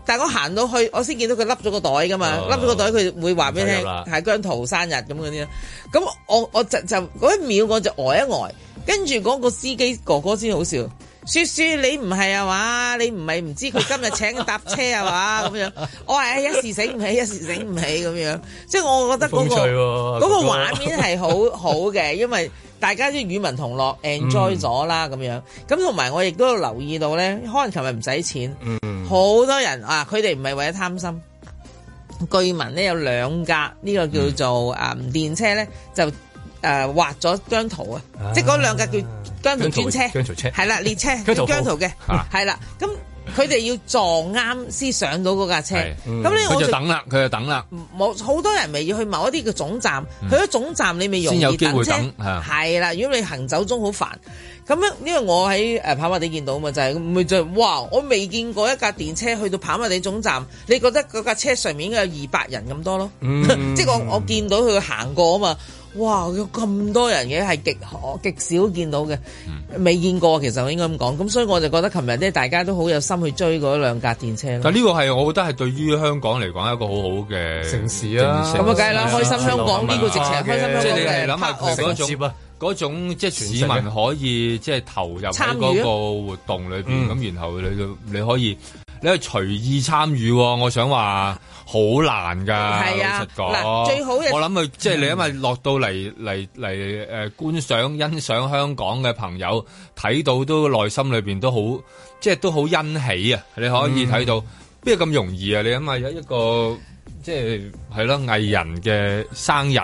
但係我行到去，我先見到佢笠咗個袋噶嘛，笠咗個袋佢會話俾你聽係姜濤生日咁嗰啲啦，咁我我就就一秒我就呆一呆。跟住嗰個司機哥哥先好笑，雪雪你唔係啊嘛，你唔係唔知佢今日請佢搭車啊嘛咁樣。我話誒、哎、一時醒唔起，一時醒唔起咁樣。即係我覺得嗰、嗰個嗰、哦、個畫面係好好嘅，因為大家即係與民同樂，enjoy 咗 啦咁樣。咁同埋我亦都留意到咧，可能琴日唔使錢， 好多人啊，佢哋唔係為咗貪心。據聞呢，有兩架呢、呢個叫做誒電車咧就。誒畫咗姜濤啊，即係嗰兩架叫姜濤專車，係啦，列車姜濤嘅係啦，咁佢哋要撞啱先上到嗰架車。咁咧，佢就等啦，佢就等啦。冇好多人咪要去某一啲嘅總站，去咗總站你咪容易等車。係啦，如果你行走中好煩。咁樣，因為我喺誒跑馬地見到啊嘛，就係咪就再哇！我未見過一架電車去到跑馬地總站，你覺得嗰架車上面應該有二百人咁多咯？即係我我見到佢行過啊嘛。哇！有咁多人嘅係極、極少見到嘅，未見過其實我應該咁講。咁所以我就覺得琴日咧，大家都好有心去追嗰兩架電車。但呢個係我覺得係對於香港嚟講一個好好嘅城市啦。咁啊，梗係啦，啊、開心香港呢的個直情，開心香港嘅拍攝啊，即你諗下啊，嗰種即係市民可以即係投入喺嗰個活動裏邊，咁、啊、然後你你、嗯、你可以。你係隨意參與，我想話好難噶。係啊，嗱，最好嘅。我諗佢即係你，因為落到嚟嚟嚟誒觀賞欣賞香港嘅朋友睇到都內心裏邊都好，即係都好欣喜啊！你可以睇到邊有咁、嗯、容易啊？你因為有一個即係係咯藝人嘅生日，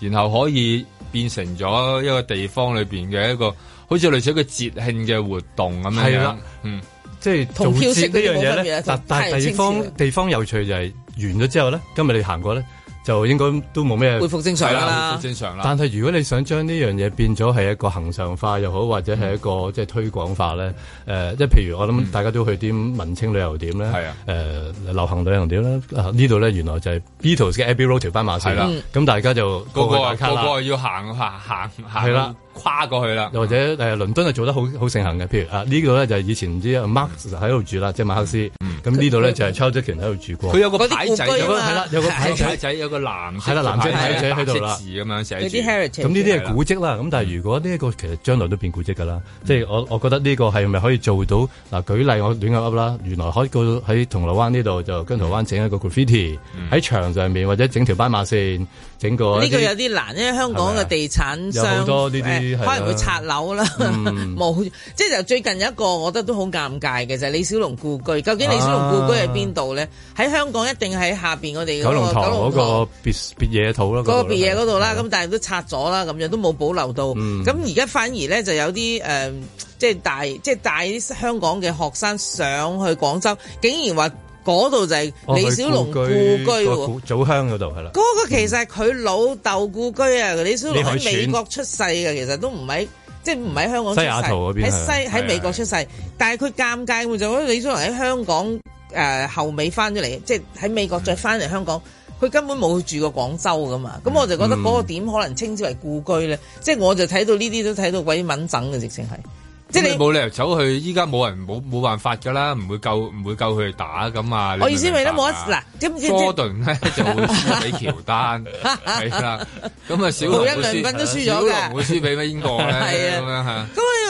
然後可以變成咗一個地方裏邊嘅一個，好似類似一個節慶嘅活動咁樣樣。啊、嗯。即係組織呢樣嘢咧，但但地方地方有趣就係完咗之後咧，今日你行過咧，就應該都冇咩恢復正常啦，正常啦。但係如果你想將呢樣嘢變咗係一個恆常化又好，或者係一個即係推廣化咧，誒，即係譬如我諗，大家都去啲文青旅遊點咧，係啊，誒，流行旅行點咧，呢度咧原來就係 Beatles 嘅 Abbey Road 斑馬線啦，咁大家就個個個個要行行行係啦。跨過去啦，又或者誒，倫敦就做得好好盛行嘅。譬如啊，呢個咧就係以前唔知馬克斯喺度住啦，即係馬克思。咁呢度咧就係丘吉爾喺度住過。佢有個牌仔啊，係啦，有個牌仔，有個男係啦，男仔喺度啦，咁樣寫住。咁呢啲係古蹟啦。咁但係如果呢一個其實將來都變古蹟㗎啦。即係我我覺得呢個係咪可以做到嗱？舉例我亂咁噏啦，原來喺個喺銅鑼灣呢度就銅鑼灣整一個 graffiti 喺牆上面，或者整條斑馬線。整個呢、啊、個有啲難，因為香港嘅地產商是是有好多呢啲，呃、可能會拆樓啦。冇、嗯， 即係就最近有一個，我覺得都好尷尬嘅就係、是、李小龍故居。究竟李小龍故居喺邊度咧？喺、啊、香港一定喺下邊我哋嘅、那個、九龍塘嗰個別別野土啦。那個、那個、別野嗰度啦，咁是但係都拆咗啦，咁樣都冇保留到。咁而家反而咧就有啲誒、呃，即係大，即係帶啲香港嘅學生上去廣州，竟然話。嗰度就係李小龍故居喎，祖鄉嗰度係啦。嗰個其實係佢老豆故居啊，嗯、李小龍喺美國出世嘅，其實都唔喺，即係唔喺香港出世。西雅圖嗰邊係。喺西喺西美國出世，但係佢尷尬就覺得李小龍喺香港誒、呃、後尾翻咗嚟，即係喺美國再翻嚟香港，佢、嗯、根本冇住過廣州噶嘛。咁我就覺得嗰個點可能稱之為故居咧？嗯、即係我就睇到呢啲都睇到鬼敏整嘅直情係。即係，你冇理由走去，依家冇人冇冇辦法㗎啦，唔會夠唔會夠佢哋打咁啊！我意思咪都冇得嗱 Gordon 咧就會輸俾喬丹，係啦， 咁啊少一兩分都輸咗嘅，唔會輸俾乜英國咧咁樣嚇。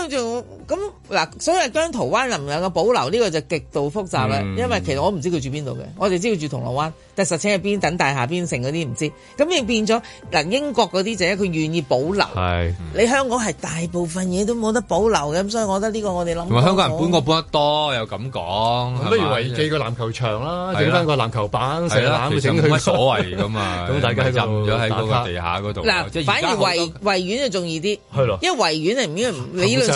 咁嗱，所以將姜濤灣能唔能夠保留呢個就極度複雜啦。因為其實我唔知佢住邊度嘅，我哋知佢住銅鑼灣，但係實情係邊等大廈邊城嗰啲唔知。咁亦變咗嗱，英國嗰啲就係佢願意保留。係你香港係大部分嘢都冇得保留嘅，咁所以我覺得呢個我哋諗同埋香港人搬過搬得多又咁講，不如維記個籃球場啦，整翻個籃球板，成日整佢乜所謂㗎嘛？咁大家浸咗喺嗰個地下嗰度，嗱，反而維維園就重要啲，係咯，因為維園係唔知唔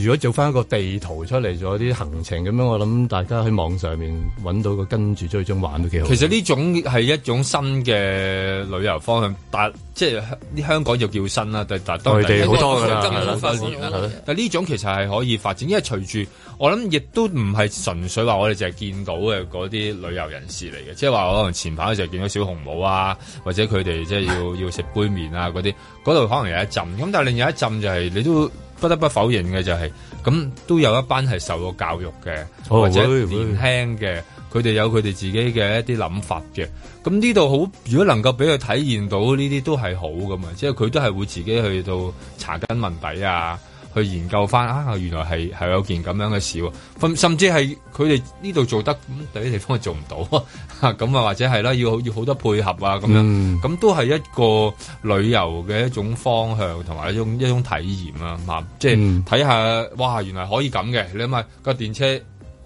如果做翻一個地圖出嚟，做一啲行程咁樣，我諗大家喺網上面揾到個跟住追蹤玩都幾好。其實呢種係一種新嘅旅遊方向，但即係香港就叫新啦，但係外地好多噶啦。但呢種其實係可以發展，因為隨住我諗，亦都唔係純粹話我哋淨係見到嘅嗰啲旅遊人士嚟嘅，即係話可能前排嗰時見到小紅帽啊，或者佢哋即係要要食杯麪啊嗰啲，嗰度可能有一浸。咁但係另一浸就係你都。不得不否認嘅就係、是，咁都有一班係受過教育嘅，哦、或者年輕嘅，佢哋喂有佢哋自己嘅一啲諗法嘅。咁呢度好，如果能夠俾佢體驗到呢啲都係好㗎嘛，即係佢都係會自己去到查根問底啊。去研究翻啊！原來係係有件咁樣嘅事，甚甚至係佢哋呢度做得咁，第啲地方係做唔到啊！咁啊，或者係啦，要要好多配合啊，咁樣，咁、嗯、都係一個旅遊嘅一種方向同埋一種一種體驗啊嘛！即係睇下，嗯、哇！原來可以咁嘅，你諗下架電車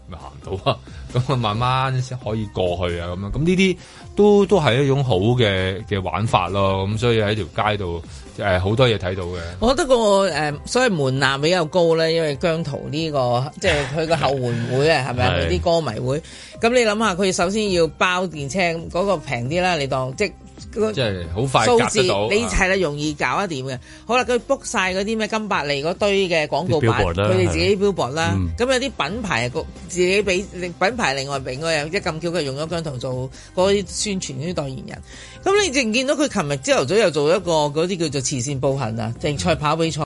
咪行唔到啊！ 咁佢慢慢先可以過去啊，咁樣，咁呢啲都都係一種好嘅嘅玩法咯。咁所以喺條街度誒，好多嘢睇到嘅。我覺得個誒所謂門檻比較高咧，因為姜濤呢個即係佢個後援會啊，係咪啊？啲的歌迷會，咁、嗯、你諗下，佢首先要包電車嗰、那個平啲啦，你當即即係好快夾得到。數字你係啦，的容易搞一點嘅。好啦，佢 book 晒啲咩金百利嗰堆嘅廣告牌，佢哋自己標榜啦。咁的、嗯、有啲品牌個自己俾品牌。係另外俾我有，即咁巧佢用咗姜濤做嗰啲宣傳啲代言人。咁你淨見到佢琴日朝頭早又做一個嗰啲叫做慈善步行啊，競賽跑比賽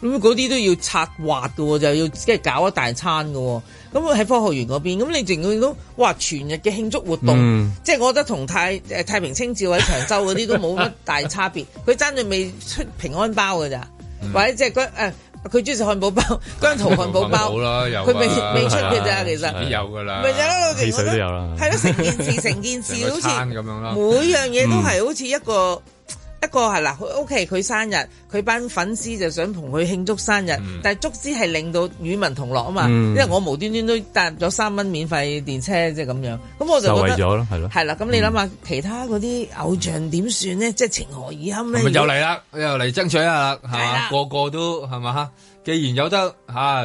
咁，嗰啲都要策劃㗎喎，就要即係搞一大餐㗎喎。咁喺科學園嗰邊，咁你淨見到哇，全日嘅慶祝活動，嗯、即係我覺得同太太平清醮喺長洲嗰啲都冇乜大差別。佢爭在未出平安包㗎咋？喂、嗯，或者即係佢誒。啊佢中意食漢堡包，姜濤漢堡包。佢未未出嘅咋，啊、其實、啊、有㗎啦。唔係就係咯，汽水都有啦。係咯，成件事成 件事好似咁樣啦，每樣嘢都係好似一個。 嗯一個係啦，佢屋企佢生日，佢班粉絲就想同佢慶祝生日，嗯、但係足之係令到與民同樂啊嘛。嗯、因為我無端端都搭咗三蚊免費電車，即係咁樣，咁我就覺得係啦。咁你諗下、嗯、其他嗰啲偶像點算咧？即、就、係、是、情何以堪咧？又嚟啦，又嚟爭取下啦，係嘛？的個個都係嘛？吓，既然有得吓、啊、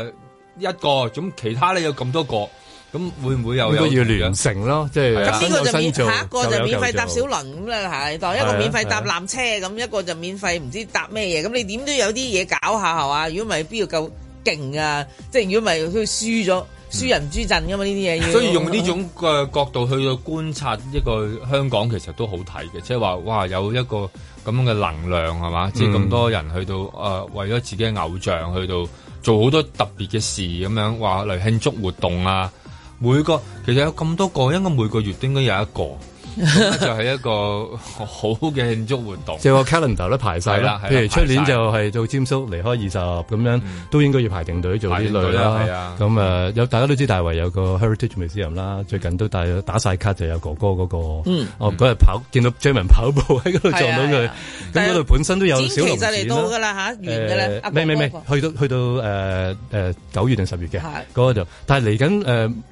一個，咁其他咧有咁多個。咁會唔會又應該要聯成咯？即係咁，呢個就免下，一個就免費搭小輪咁啦，係當一個免費搭纜車咁，的一個就免費唔知搭咩嘢。咁的你點都有啲嘢搞下係嘛？如果唔係必要夠勁啊？即係如果唔係佢輸咗，嗯、輸人輸陣噶嘛？呢啲嘢要，所以用呢種嘅角度去到觀察一個香港，其實都好睇嘅，即係話哇，有一個咁嘅能量係嘛？即係咁多人去到誒、呃、為咗自己嘅偶像去到做好多特別嘅事咁樣話嚟慶祝活動啊！每個其實有咁多個，應該每個月都應該有一個。就 係一個好嘅慶祝活動，即係 個 calendar 都排晒啦。譬、 啊啊、如出年就係做詹叔離開二十咁樣，都應該要排定隊做呢類啦。咁啊，有、啊、大家都知大圍有個 heritage museum 啦，最近都但係打晒卡就有哥哥嗰、那個。我嗰日跑見到 Jammin 跑步喺嗰度撞到佢。咁嗰度本身都有小龍。其嚟、嗯嗯、到㗎啦嚇，完㗎啦。咩咩咩，去到去到誒誒九月定十月嘅嗰、啊、就。但係嚟緊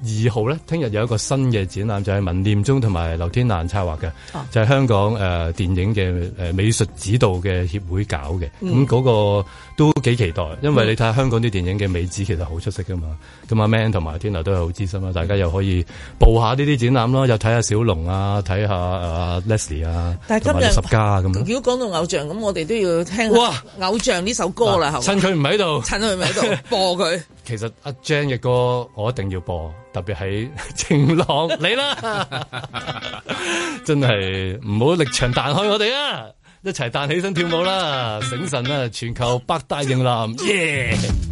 誒二號咧，聽、呃、日有一個新嘅展覽，就係、是、文念中同埋劉天。難策劃嘅、啊、就係香港誒、呃、電影嘅誒、呃、美術指導嘅協會搞嘅，咁嗰、嗯嗯、個都幾期待，因為你睇下香港啲電影嘅美指其實好出色㗎嘛，咁、嗯、阿、嗯嗯、Man 同埋 Tina 都係好資深啦，大家又可以播下呢啲展覽咯，又睇下小龍啊，睇下誒 Leslie 啊，萬萬十家啊咁。如果講到偶像，咁我哋都要聽哇偶像呢首歌啦哇，趁佢唔喺度，趁佢唔喺度播佢。 其實阿、啊、Jan 嘅歌我一定要播。啊特別係晴朗嚟啦， 真係唔好力場彈開我哋啊！一齊彈起身跳舞啦，醒神啊！全球百大型男，耶、yeah!！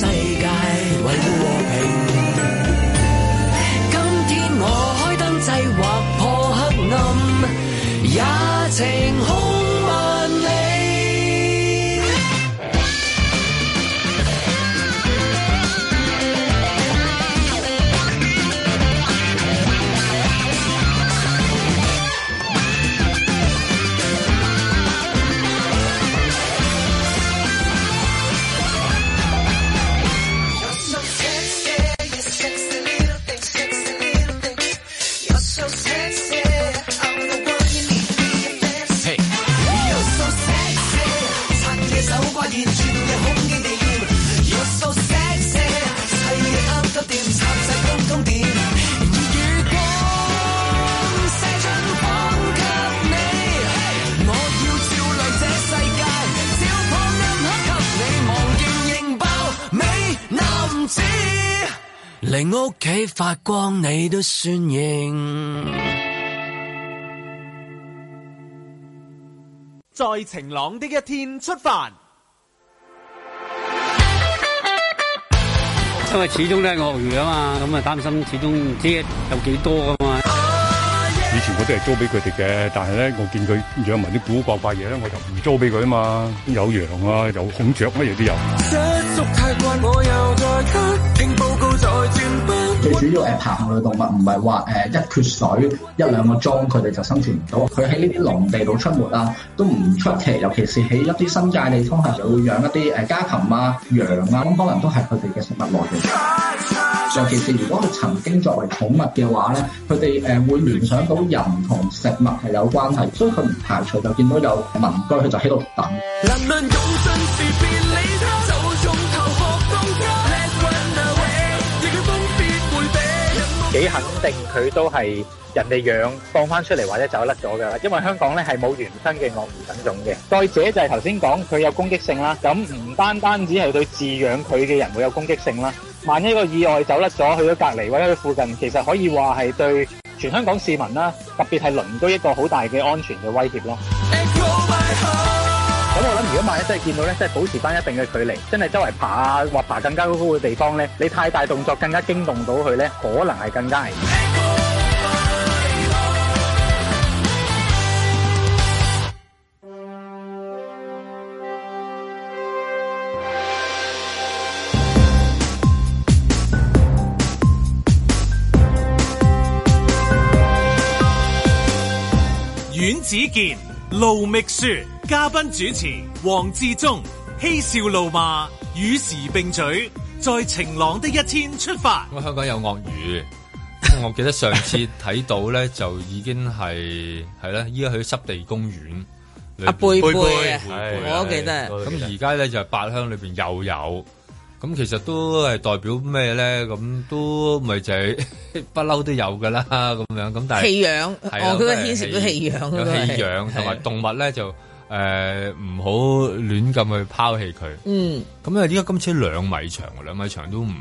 世界。發光你都算型，在晴朗的一天出發。因為始終都係鱷魚啊嘛，咁啊擔心始，始終唔知有幾多。以前我都係租俾佢哋嘅，但係咧，我見佢養埋啲古古怪怪嘅嘢咧，我就唔租俾佢啊嘛。有羊啊，有孔雀，乜嘢都有。最主要誒爬行類動物唔係話誒一缺水一兩個鐘佢哋就生存唔到，佢喺呢啲農地度出沒啊，都唔出奇。尤其是喺一啲新界地方係，就會養一啲誒家禽啊、羊啊，咁可能都係佢哋嘅食物來源。尤其是，如果佢曾經作為寵物嘅話咧，佢哋誒會聯想到人同食物係有關係，所以佢唔排除就見到有民居佢就喺度等。幾肯定佢都係人哋養放翻出嚟或者走甩咗㗎，因為香港咧係冇原生嘅鱷魚品種嘅。再者就係頭先講佢有攻擊性啦，咁唔單單只係對飼養佢嘅人會有攻擊性啦。萬一個意外走甩咗，去咗隔籬或者去附近，其實可以話係對全香港市民啦，特別係鄰居一個好大嘅安全嘅威脅咯。咁 your 我諗，如果萬一真係見到咧，即係保持返一定嘅距離，真係周圍爬啊，或爬更加高嘅地方咧，你太大動作更加驚動到佢咧，可能係更加危險。阮子健、盧覓雪，嘉賓主持黃志忠，嬉笑怒罵，與時並舉，在晴朗的一天出發。咁香港有鱷魚， 我記得上次睇到咧，就已經係係咧，依家去濕地公園。阿貝貝，我，是我記都記得。咁而家咧就係、八鄉裏邊又有。咁其實都係代表咩咧？咁都咪就係不嬲都有噶啦，咁樣咁但係棄養，哦，佢都顯示到棄養，有棄養同埋動物咧就誒唔好亂咁去拋棄佢。嗯，咁啊點解，今次兩米長，兩米長都唔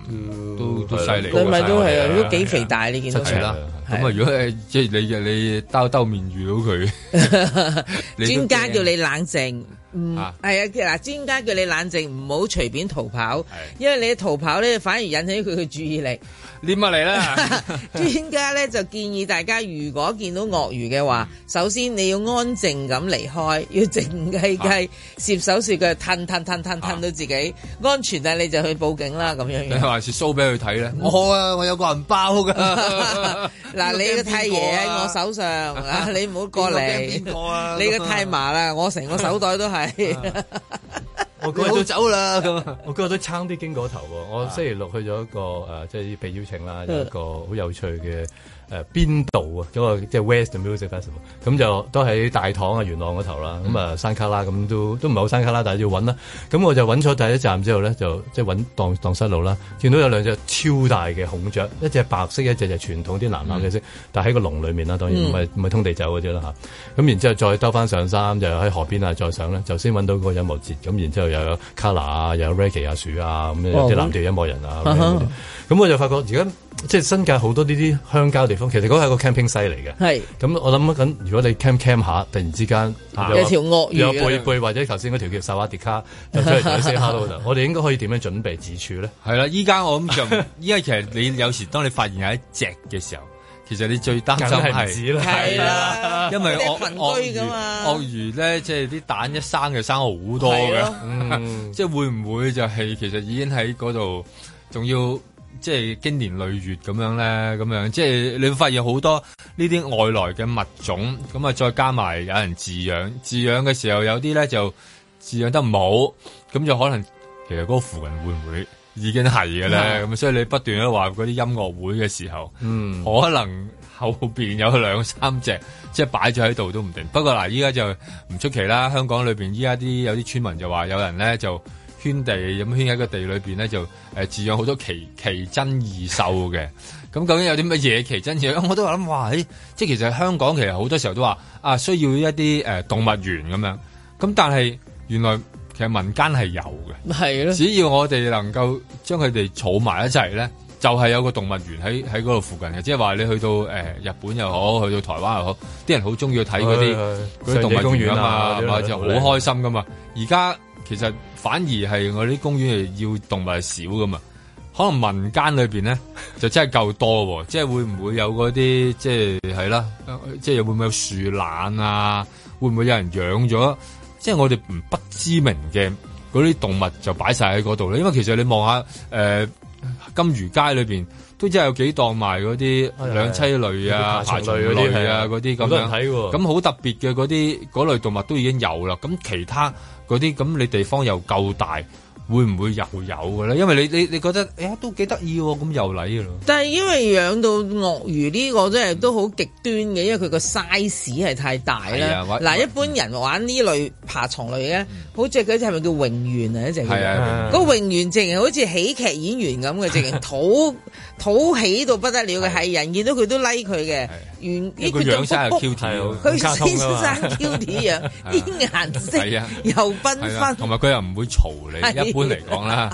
都都犀利，兩米都係都幾肥大呢件事啦，咁啊如果誒即係你你兜兜面遇到佢，專家叫你冷靜。嗯，係啊，嗱、哎，專家叫你冷靜，唔好隨便逃跑，係因為你逃跑咧，反而引起佢嘅注意力。攰啊？嚟啦！專家咧就建議大家，如果見到鱷魚嘅話，首先你要安靜咁離開，要靜雞雞，攝手攝腳，褪褪褪褪褪到自己安全啦，你就去報警啦咁樣。你話 show 俾佢睇咧？我啊，我有個人包噶。嗱，你個太爺喺我手上，你唔好過嚟。你個太嫲啦，我成個手袋都係。 我個日都走啦咁， 我個日都撐啲經過頭喎。我星期六去咗一個誒，即係被邀請啦，有一個好有趣嘅。誒、呃、邊度啊？咁即係 West Music Festival，咁就都喺大棠啊、元朗嗰頭啦。咁啊，山卡拉咁都都唔係好山卡拉，但係要揾啦。咁我就揾咗第一站之後咧，就即係揾蕩蕩失路啦。見到有兩隻超大嘅孔雀，一隻白色，一隻就傳統啲藍藍嘅色，色，嗯、但係喺個籠裏面啦，當然唔係唔係通地走嗰啲啦嚇。咁、啊、然之後再兜翻上山，就喺河邊啊，再上啦。就先揾到個音樂節。咁然之後又有卡拉啊，又有 Ricky 啊、鼠啊，咁有啲藍調音樂人啊。咁我就發覺而家。即係新界好多呢啲鄉郊地方，其實嗰個係個 camping 西嚟嘅。係。咁我諗緊，如果你 camp camp 下，突然之間有條鱷魚，有背背或者頭先嗰條叫薩瓦迪卡，就真係我哋應該可以點樣準備自處咧？係啦，依家我諗就，依家其實你有時當你發現係一隻嘅時候，其實你最擔心係係啦，因為鱷鱷魚咧，即係啲蛋一生就生好多嘅，即係會唔會就係其實已經喺嗰度仲要？即係經年累月咁樣咧，咁樣即係你會發現好多呢啲外來嘅物種，咁啊再加埋有人飼養，飼養嘅時候有啲咧就飼養得唔好，咁就可能其實嗰個附近會唔會已經係嘅咧？咁、嗯、所以你不斷都話嗰啲音樂會嘅時候，嗯，可能後邊有兩三隻，即係擺咗喺度都唔定。不過嗱，依家就唔出奇啦。香港裏邊依家啲有啲村民就話有人咧就。圈地咁圈喺個地裏邊咧就誒，飼養好多奇奇珍異獸嘅，咁 究竟有啲乜嘢奇珍異獸？我都話諗，哇！誒，即係其實香港其實好多時候都話啊，需要一啲誒動物園咁樣，咁但係原來其實民間係有嘅，係咯的，只要我哋能夠將佢哋儲埋一齊咧，就係、是、有個動物園喺喺嗰度附近嘅，即係話你去到誒日本又好，去到台灣又好，啲人好中意去睇嗰啲嗰啲動物園啊嘛，嘛就好開心噶嘛，而家。其實反而係我啲公園係要動物少噶嘛，可能民間裏邊咧就真係夠多喎，即係會唔會有嗰啲即係係啦，即係會唔會有樹懶啊？會唔會有人養咗？即係我哋唔不知名嘅嗰啲動物就擺晒喺嗰度咧。因為其實你望下誒金魚街裏邊都真係有幾檔賣嗰啲兩棲類啊、爬蟲類、類啊嗰啲咁樣，咁好特別嘅嗰啲嗰類動物都已經有啦。咁其他。嗰啲咁，你地方又夠大。會唔會又有嘅咧？因為你你你覺得誒都幾得意喎，咁又嚟嘅嘞！但係因為養到鱷魚呢個真係都好極端嘅，因為佢個 size 係太大啦。嗱，一般人玩呢類爬蟲類咧，好似嘅一隻係咪叫榮遠啊？一隻。係啊，個榮遠正係好似喜劇演員咁嘅，正係討討喜到不得了嘅，係人見到佢都 like 佢嘅。原呢個樣生係 cute 佢先生 cutie 樣，啲顏色又繽紛，同埋佢又唔會嘈你。嚟講啦，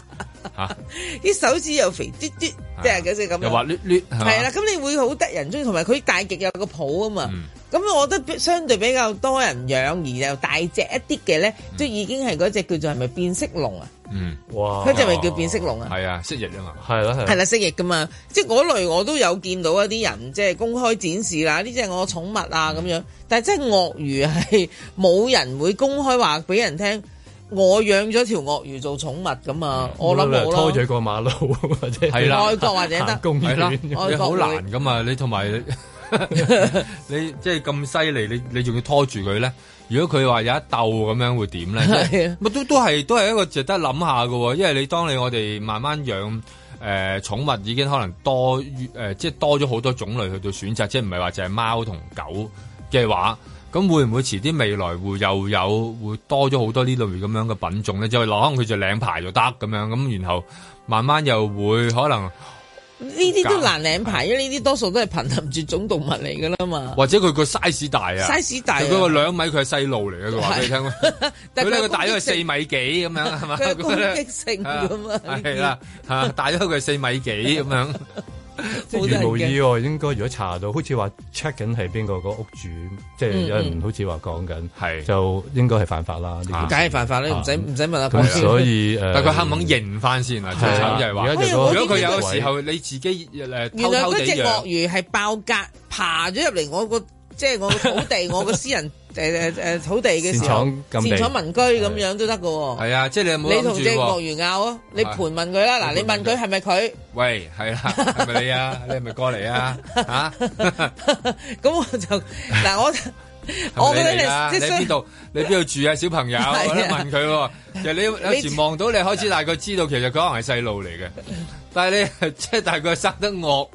吓啲 手指又肥嘟嘟，即係嗰隻咁，又滑捋捋，係啦，咁、啊啊、你會好得人中意，同埋佢大極有個抱啊嘛，咁、嗯、我覺得相對比較多人養，而又大隻一啲嘅咧，嗯、都已經係嗰隻叫做係咪變色龍啊？嗯，哇，佢就咪叫變色龍啊？係、哦、啊，蜥蜴啊嘛，係咯係，啦、啊啊，蜥蜴噶嘛，即係嗰類我都有見到一啲人即係公開展示啦，呢隻係我寵物啊咁樣、啊啊，但係真鱷魚係冇人會公開話俾人聽。我養咗條鱷魚做寵物咁啊！的我諗拖住過馬路或者係啦，外 國或者得係啦，好 啦難噶嘛！你同埋 你即係咁犀利，你你仲要拖住佢咧？如果佢話有一斗咁樣會點咧、 就是？都都係都係一個值得諗下噶，因為你當你我哋慢慢養誒寵物，已經可能多誒即係多咗好多種類去到選擇，即係唔係話就係貓同狗嘅話。咁會唔會遲啲未來會又有會多咗好多呢類咁樣嘅品種咧？就可能佢就領牌就得咁樣，咁然後慢慢又會可能呢啲都難領牌，因為呢啲多數都係瀕臨絕種動物嚟噶啦嘛。或者佢個 size 大啊，size 大，佢個兩米佢係細路嚟嘅，佢話俾你聽。 但係咧佢大咗係四米幾咁樣，係嘛？攻擊性咁啊，係啦吓，大咗佢係四米幾咁樣。 即無意外，應該如果查到，好似話 check 緊係邊個個屋主，即係有人好似話講緊，係就應該係犯法啦。梗係犯法啦，唔使唔使問下佢。咁所以誒，但佢肯唔肯認翻先啊？最慘就係話，如果佢有時候你自己誒，原來嗰隻鱷魚係爆格爬咗入嚟我個。即係我土地，我個私人誒誒誒土地嘅時候，建廠民居咁樣都得噶。係啊，即係你冇。你同鄭國元拗啊，你盤問佢啦。嗱，你問佢係咪佢？喂，係啦，係咪你啊？你係咪過嚟啊？吓，咁我就嗱我，我問你啊，你邊度？你邊度住啊？小朋友，我咧問佢。其實你有時望到你開始大概知道，其實佢可能係細路嚟嘅。但係你，即係大概生得惡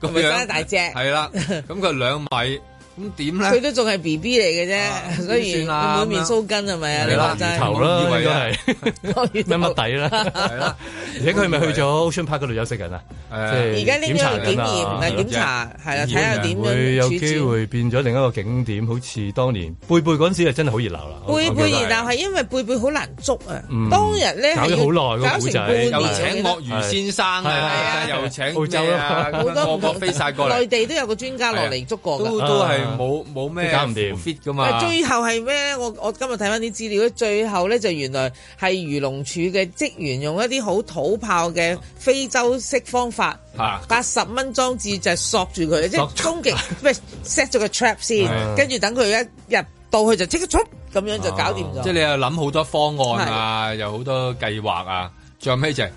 咁樣。生得大隻。係啦，咁佢兩米。咁佢都仲係 B B 嚟嘅啫，所以滿面鬚根係咪啊？你話齋，頭啦，以為都係乜乜底啦。而且佢咪去咗 Ocean Park 度休息緊啊？即係檢查檢驗，唔係檢查，係啊，睇下點樣。會有機會變咗另一個景點，好似當年貝貝嗰陣時係真係好熱鬧啦。貝貝熱鬧係因為貝貝好難捉啊。當日咧搞咗好耐，搞成半年。又請鱷魚先生啊，又請澳洲好多唔同，內地都有個專家落嚟捉過。都都係。冇冇咩搞唔掂？fit 噶嘛？最後係咩？我我今日睇返啲資料，最後咧就原來係漁農署嘅職員用一啲好土炮嘅非洲式方法，八十蚊裝置就索住佢，即係終極，唔係 set 咗個 trap 先，跟住、啊、等佢一入到去就即刻捉，咁樣就搞掂咗、啊。即係你又諗好多方案啊，又好多計劃啊，仲有咩啫、啊？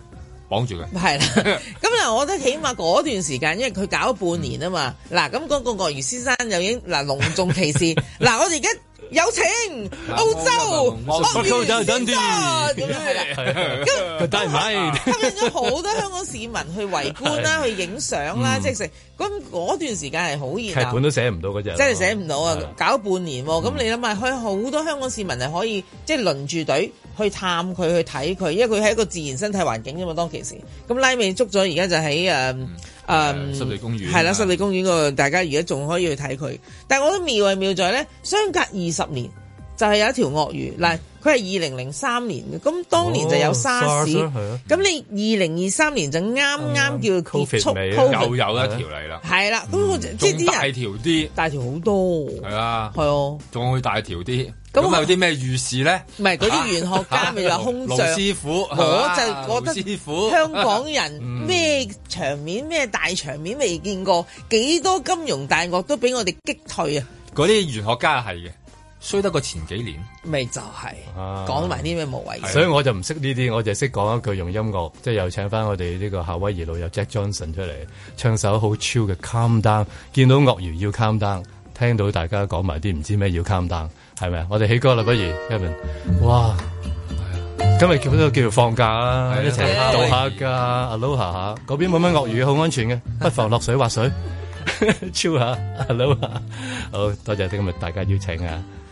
擋住嘅係啦，咁嗱，我覺得起碼嗰段時間，因為佢搞咗半年啊嘛，嗱，咁嗰個鱷魚先生又已經嗱隆重其事，嗱我哋而家有請澳洲鱷魚先生咁樣係啦，咁吸引咗好多香港市民去圍觀啦，去影相啦，即係成咁嗰段時間係好熱鬧。劇本都寫唔到嗰隻，真係寫唔到啊！搞咗半年喎，咁你諗下，去好多香港市民係可以即係輪住隊。去探佢，去睇佢，因為佢係一個自然生態環境啫嘛。當其時，咁拉美捉咗，而家就喺誒誒濕地公園，係啦，濕地公園個，大家而家仲可以去睇佢。但係我覺得妙係妙在咧，相隔二十年。就係有一條鱷魚，嗱，佢係二零零三年嘅，咁當年就有沙士，咁你二零二三年就啱啱叫結束，又有一條嚟啦，係啦，咁即係啲人大條啲，大條好多，係啊，係哦，仲會大條啲，咁有啲咩預示咧？唔係嗰啲玄學家咪話空師傅，我就覺得香港人咩場面咩大場面未見過，幾多金融大鱷都俾我哋擊退啊！嗰啲玄學家係嘅。衰得過前幾年，咪就係講埋啲咩無謂的，所以我就唔識呢啲，我就係識講一句用音樂，即係又請翻我哋呢個夏威夷老友 Jack Johnson 出嚟唱首好超嘅 Come Down。見到鱷魚要 Come Down，聽到大家講埋啲唔知咩要 Come Down，係咪啊？我哋起歌啦，不如 Kevin。哇！哎、今日叫都叫做放假啦，嗯、一齊度、嗯、下假。啊、Aloha 嗰邊冇乜鱷魚，好、啊、安全嘅，不妨落水滑水，超下、 啊，Aloha 好，好多謝今日大家邀請啊！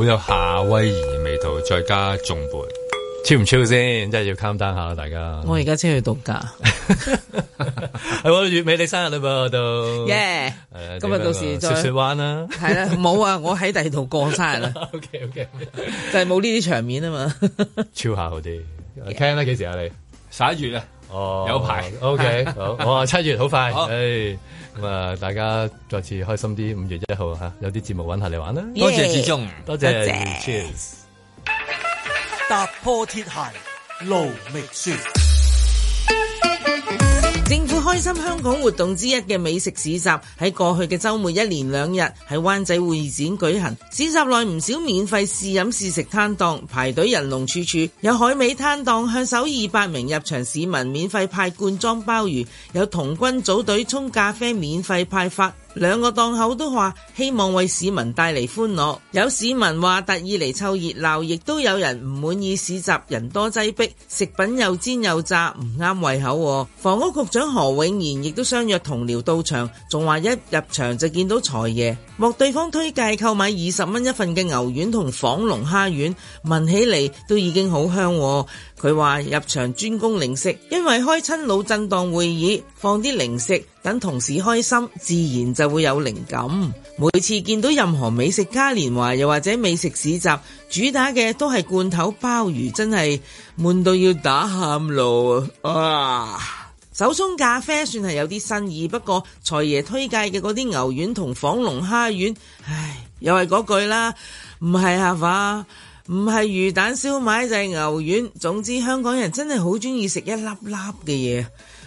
好有夏威夷味道，再加重倍，超唔超先？真係要承擔下啦，大家。我而家先去度假，係喎，月尾你生日嘞噃，我到耶 Yeah,、哎！今日到時再雪雪灣啦，係啦、啊，冇 啊，我喺第二度過生日啊 ，OK OK，就係冇呢啲場面啊嘛，超 下好啲，聽啦，幾時啊你？十一月啊？哦，有排，oh, OK，好，我話七月好快，唉，咁啊，大家再次開心啲，五月一號吓，uh, 有啲節目揾下你玩啦，Yeah. 多謝志忠，多謝。政府開心香港活動之一嘅美食市集喺過去嘅週末一連兩日喺灣仔會展舉行，市集內唔少免費試飲試食攤檔排隊人龍處處，有海味攤檔向首二百名入場市民免費派罐裝鮑魚，有童軍組隊沖咖啡免費派發。兩個檔口都話希望為市民帶嚟歡樂，有市民話特意嚟湊熱鬧，亦都有人唔滿意市集人多擠迫，食品又煎又炸，唔啱胃口。房屋局長何永賢亦都相約同僚到場，仲話一入場就見到財爺，莫對方推介購買二十蚊一份嘅牛丸同仿龍蝦丸，聞起嚟都已經好香。佢話入場專攻零食，因為開親老震盪會議，放啲零食等同事開心，自然就會有靈感。每次見到任何美食嘉年華，又或者美食市集，主打嘅都係罐頭鮑魚，真係悶到要打喊路啊！手沖咖啡算係有啲新意，不過財爺推介嘅嗰啲牛丸同仿龍蝦丸，唉，又係嗰句啦，唔係下話。唔係魚蛋燒賣就係牛丸，總之香港人真係好中意食一粒粒嘅嘢。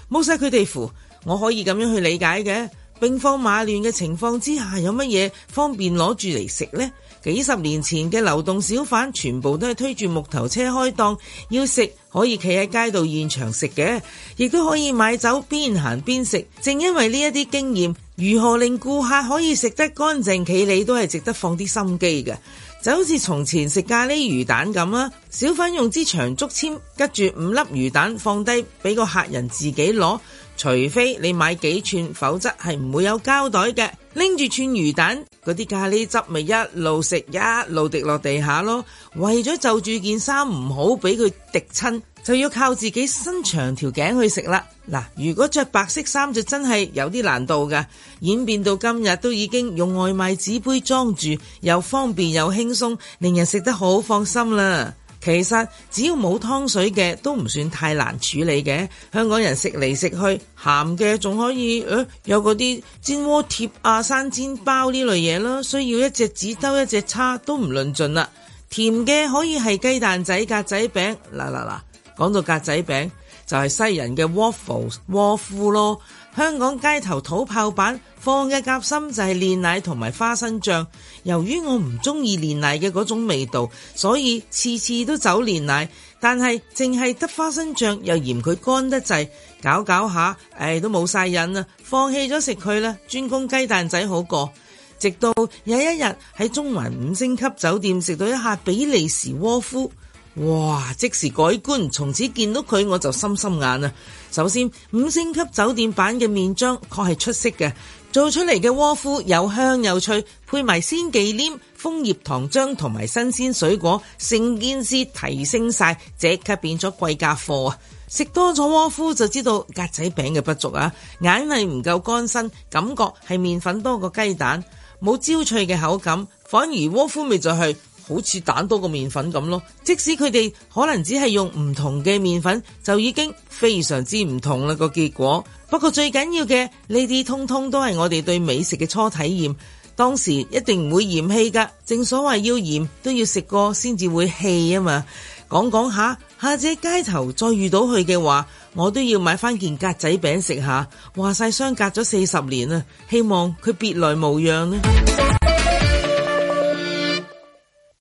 冇晒佢哋扶，我可以咁樣去理解嘅。兵荒馬亂嘅情況之下，有乜嘢方便攞住嚟食呢？幾十年前嘅流動小販全部都係推住木頭車開檔，要食可以企喺街道現場食嘅，亦都可以買走邊行邊食。正因為呢一啲經驗，如何令顧客可以食得乾淨企理，都係值得放啲心機嘅。就好似從前食咖喱魚蛋咁啊。小粉用支長竹籤吉住五粒魚蛋放低，俾個客人自己攞，除非你買幾串，否則係唔會有膠袋嘅。拎住串魚蛋，嗰啲咖喱汁咪一路食一路滴落地下咯，為咗就住件衫唔好俾佢滴親，就要靠自己伸長條頸去食啦。嗱，如果着白色衫就真係有啲難度㗎。演變到今日都已經用外賣紙杯裝住，又方便又輕鬆，令人食得好放心啦。其實只要冇湯水嘅都唔算太難處理嘅。香港人食嚟食去，鹹嘅仲可以，誒、欸、有嗰啲煎鍋貼啊、生煎包呢類嘢啦，需要一隻紙兜、一隻叉都唔論盡啦。甜嘅可以係雞蛋仔、格仔餅，嗱嗱嗱。講到格仔餅，就係、是、西人嘅 waffles 窩夫咯。香港街頭土炮版放嘅夾心就係煉奶同埋花生醬。由於我唔中意煉奶嘅嗰種味道，所以次次都走煉奶。但係淨係得花生醬又嫌佢乾得滯，搞一搞一下，誒都冇晒癮啦，放棄咗食佢啦，專攻雞蛋仔好過。直到有一日喺中環五星級酒店食到一客比利時窩夫。哇！即時改觀，從此見到佢我就心心眼啊！首先五星級酒店版嘅麵漿確係出色嘅，做出嚟嘅窩夫又香又脆，配埋鮮忌廉、楓葉糖漿同埋新鮮水果，成件事提升晒，即刻變咗貴價貨啊！食多咗窩夫就知道格仔餅嘅不足啊，眼係唔夠乾身，感覺係麵粉多過雞蛋，冇焦脆嘅口感，反而窩夫味就去。好似蛋多過麵粉咁咯，即使佢哋可能只係用唔同嘅麵粉，就已經非常之唔同啦個結果。不過最緊要嘅呢啲，Lady 通通都係我哋對美食嘅初體驗，當時一定唔會嫌棄噶。正所謂要嫌都要食過先至會棄啊嘛。講講下，下次街頭再遇到佢嘅話，我都要買翻件格仔餅食下。話晒相隔咗四十年啦，希望佢別來無恙啦。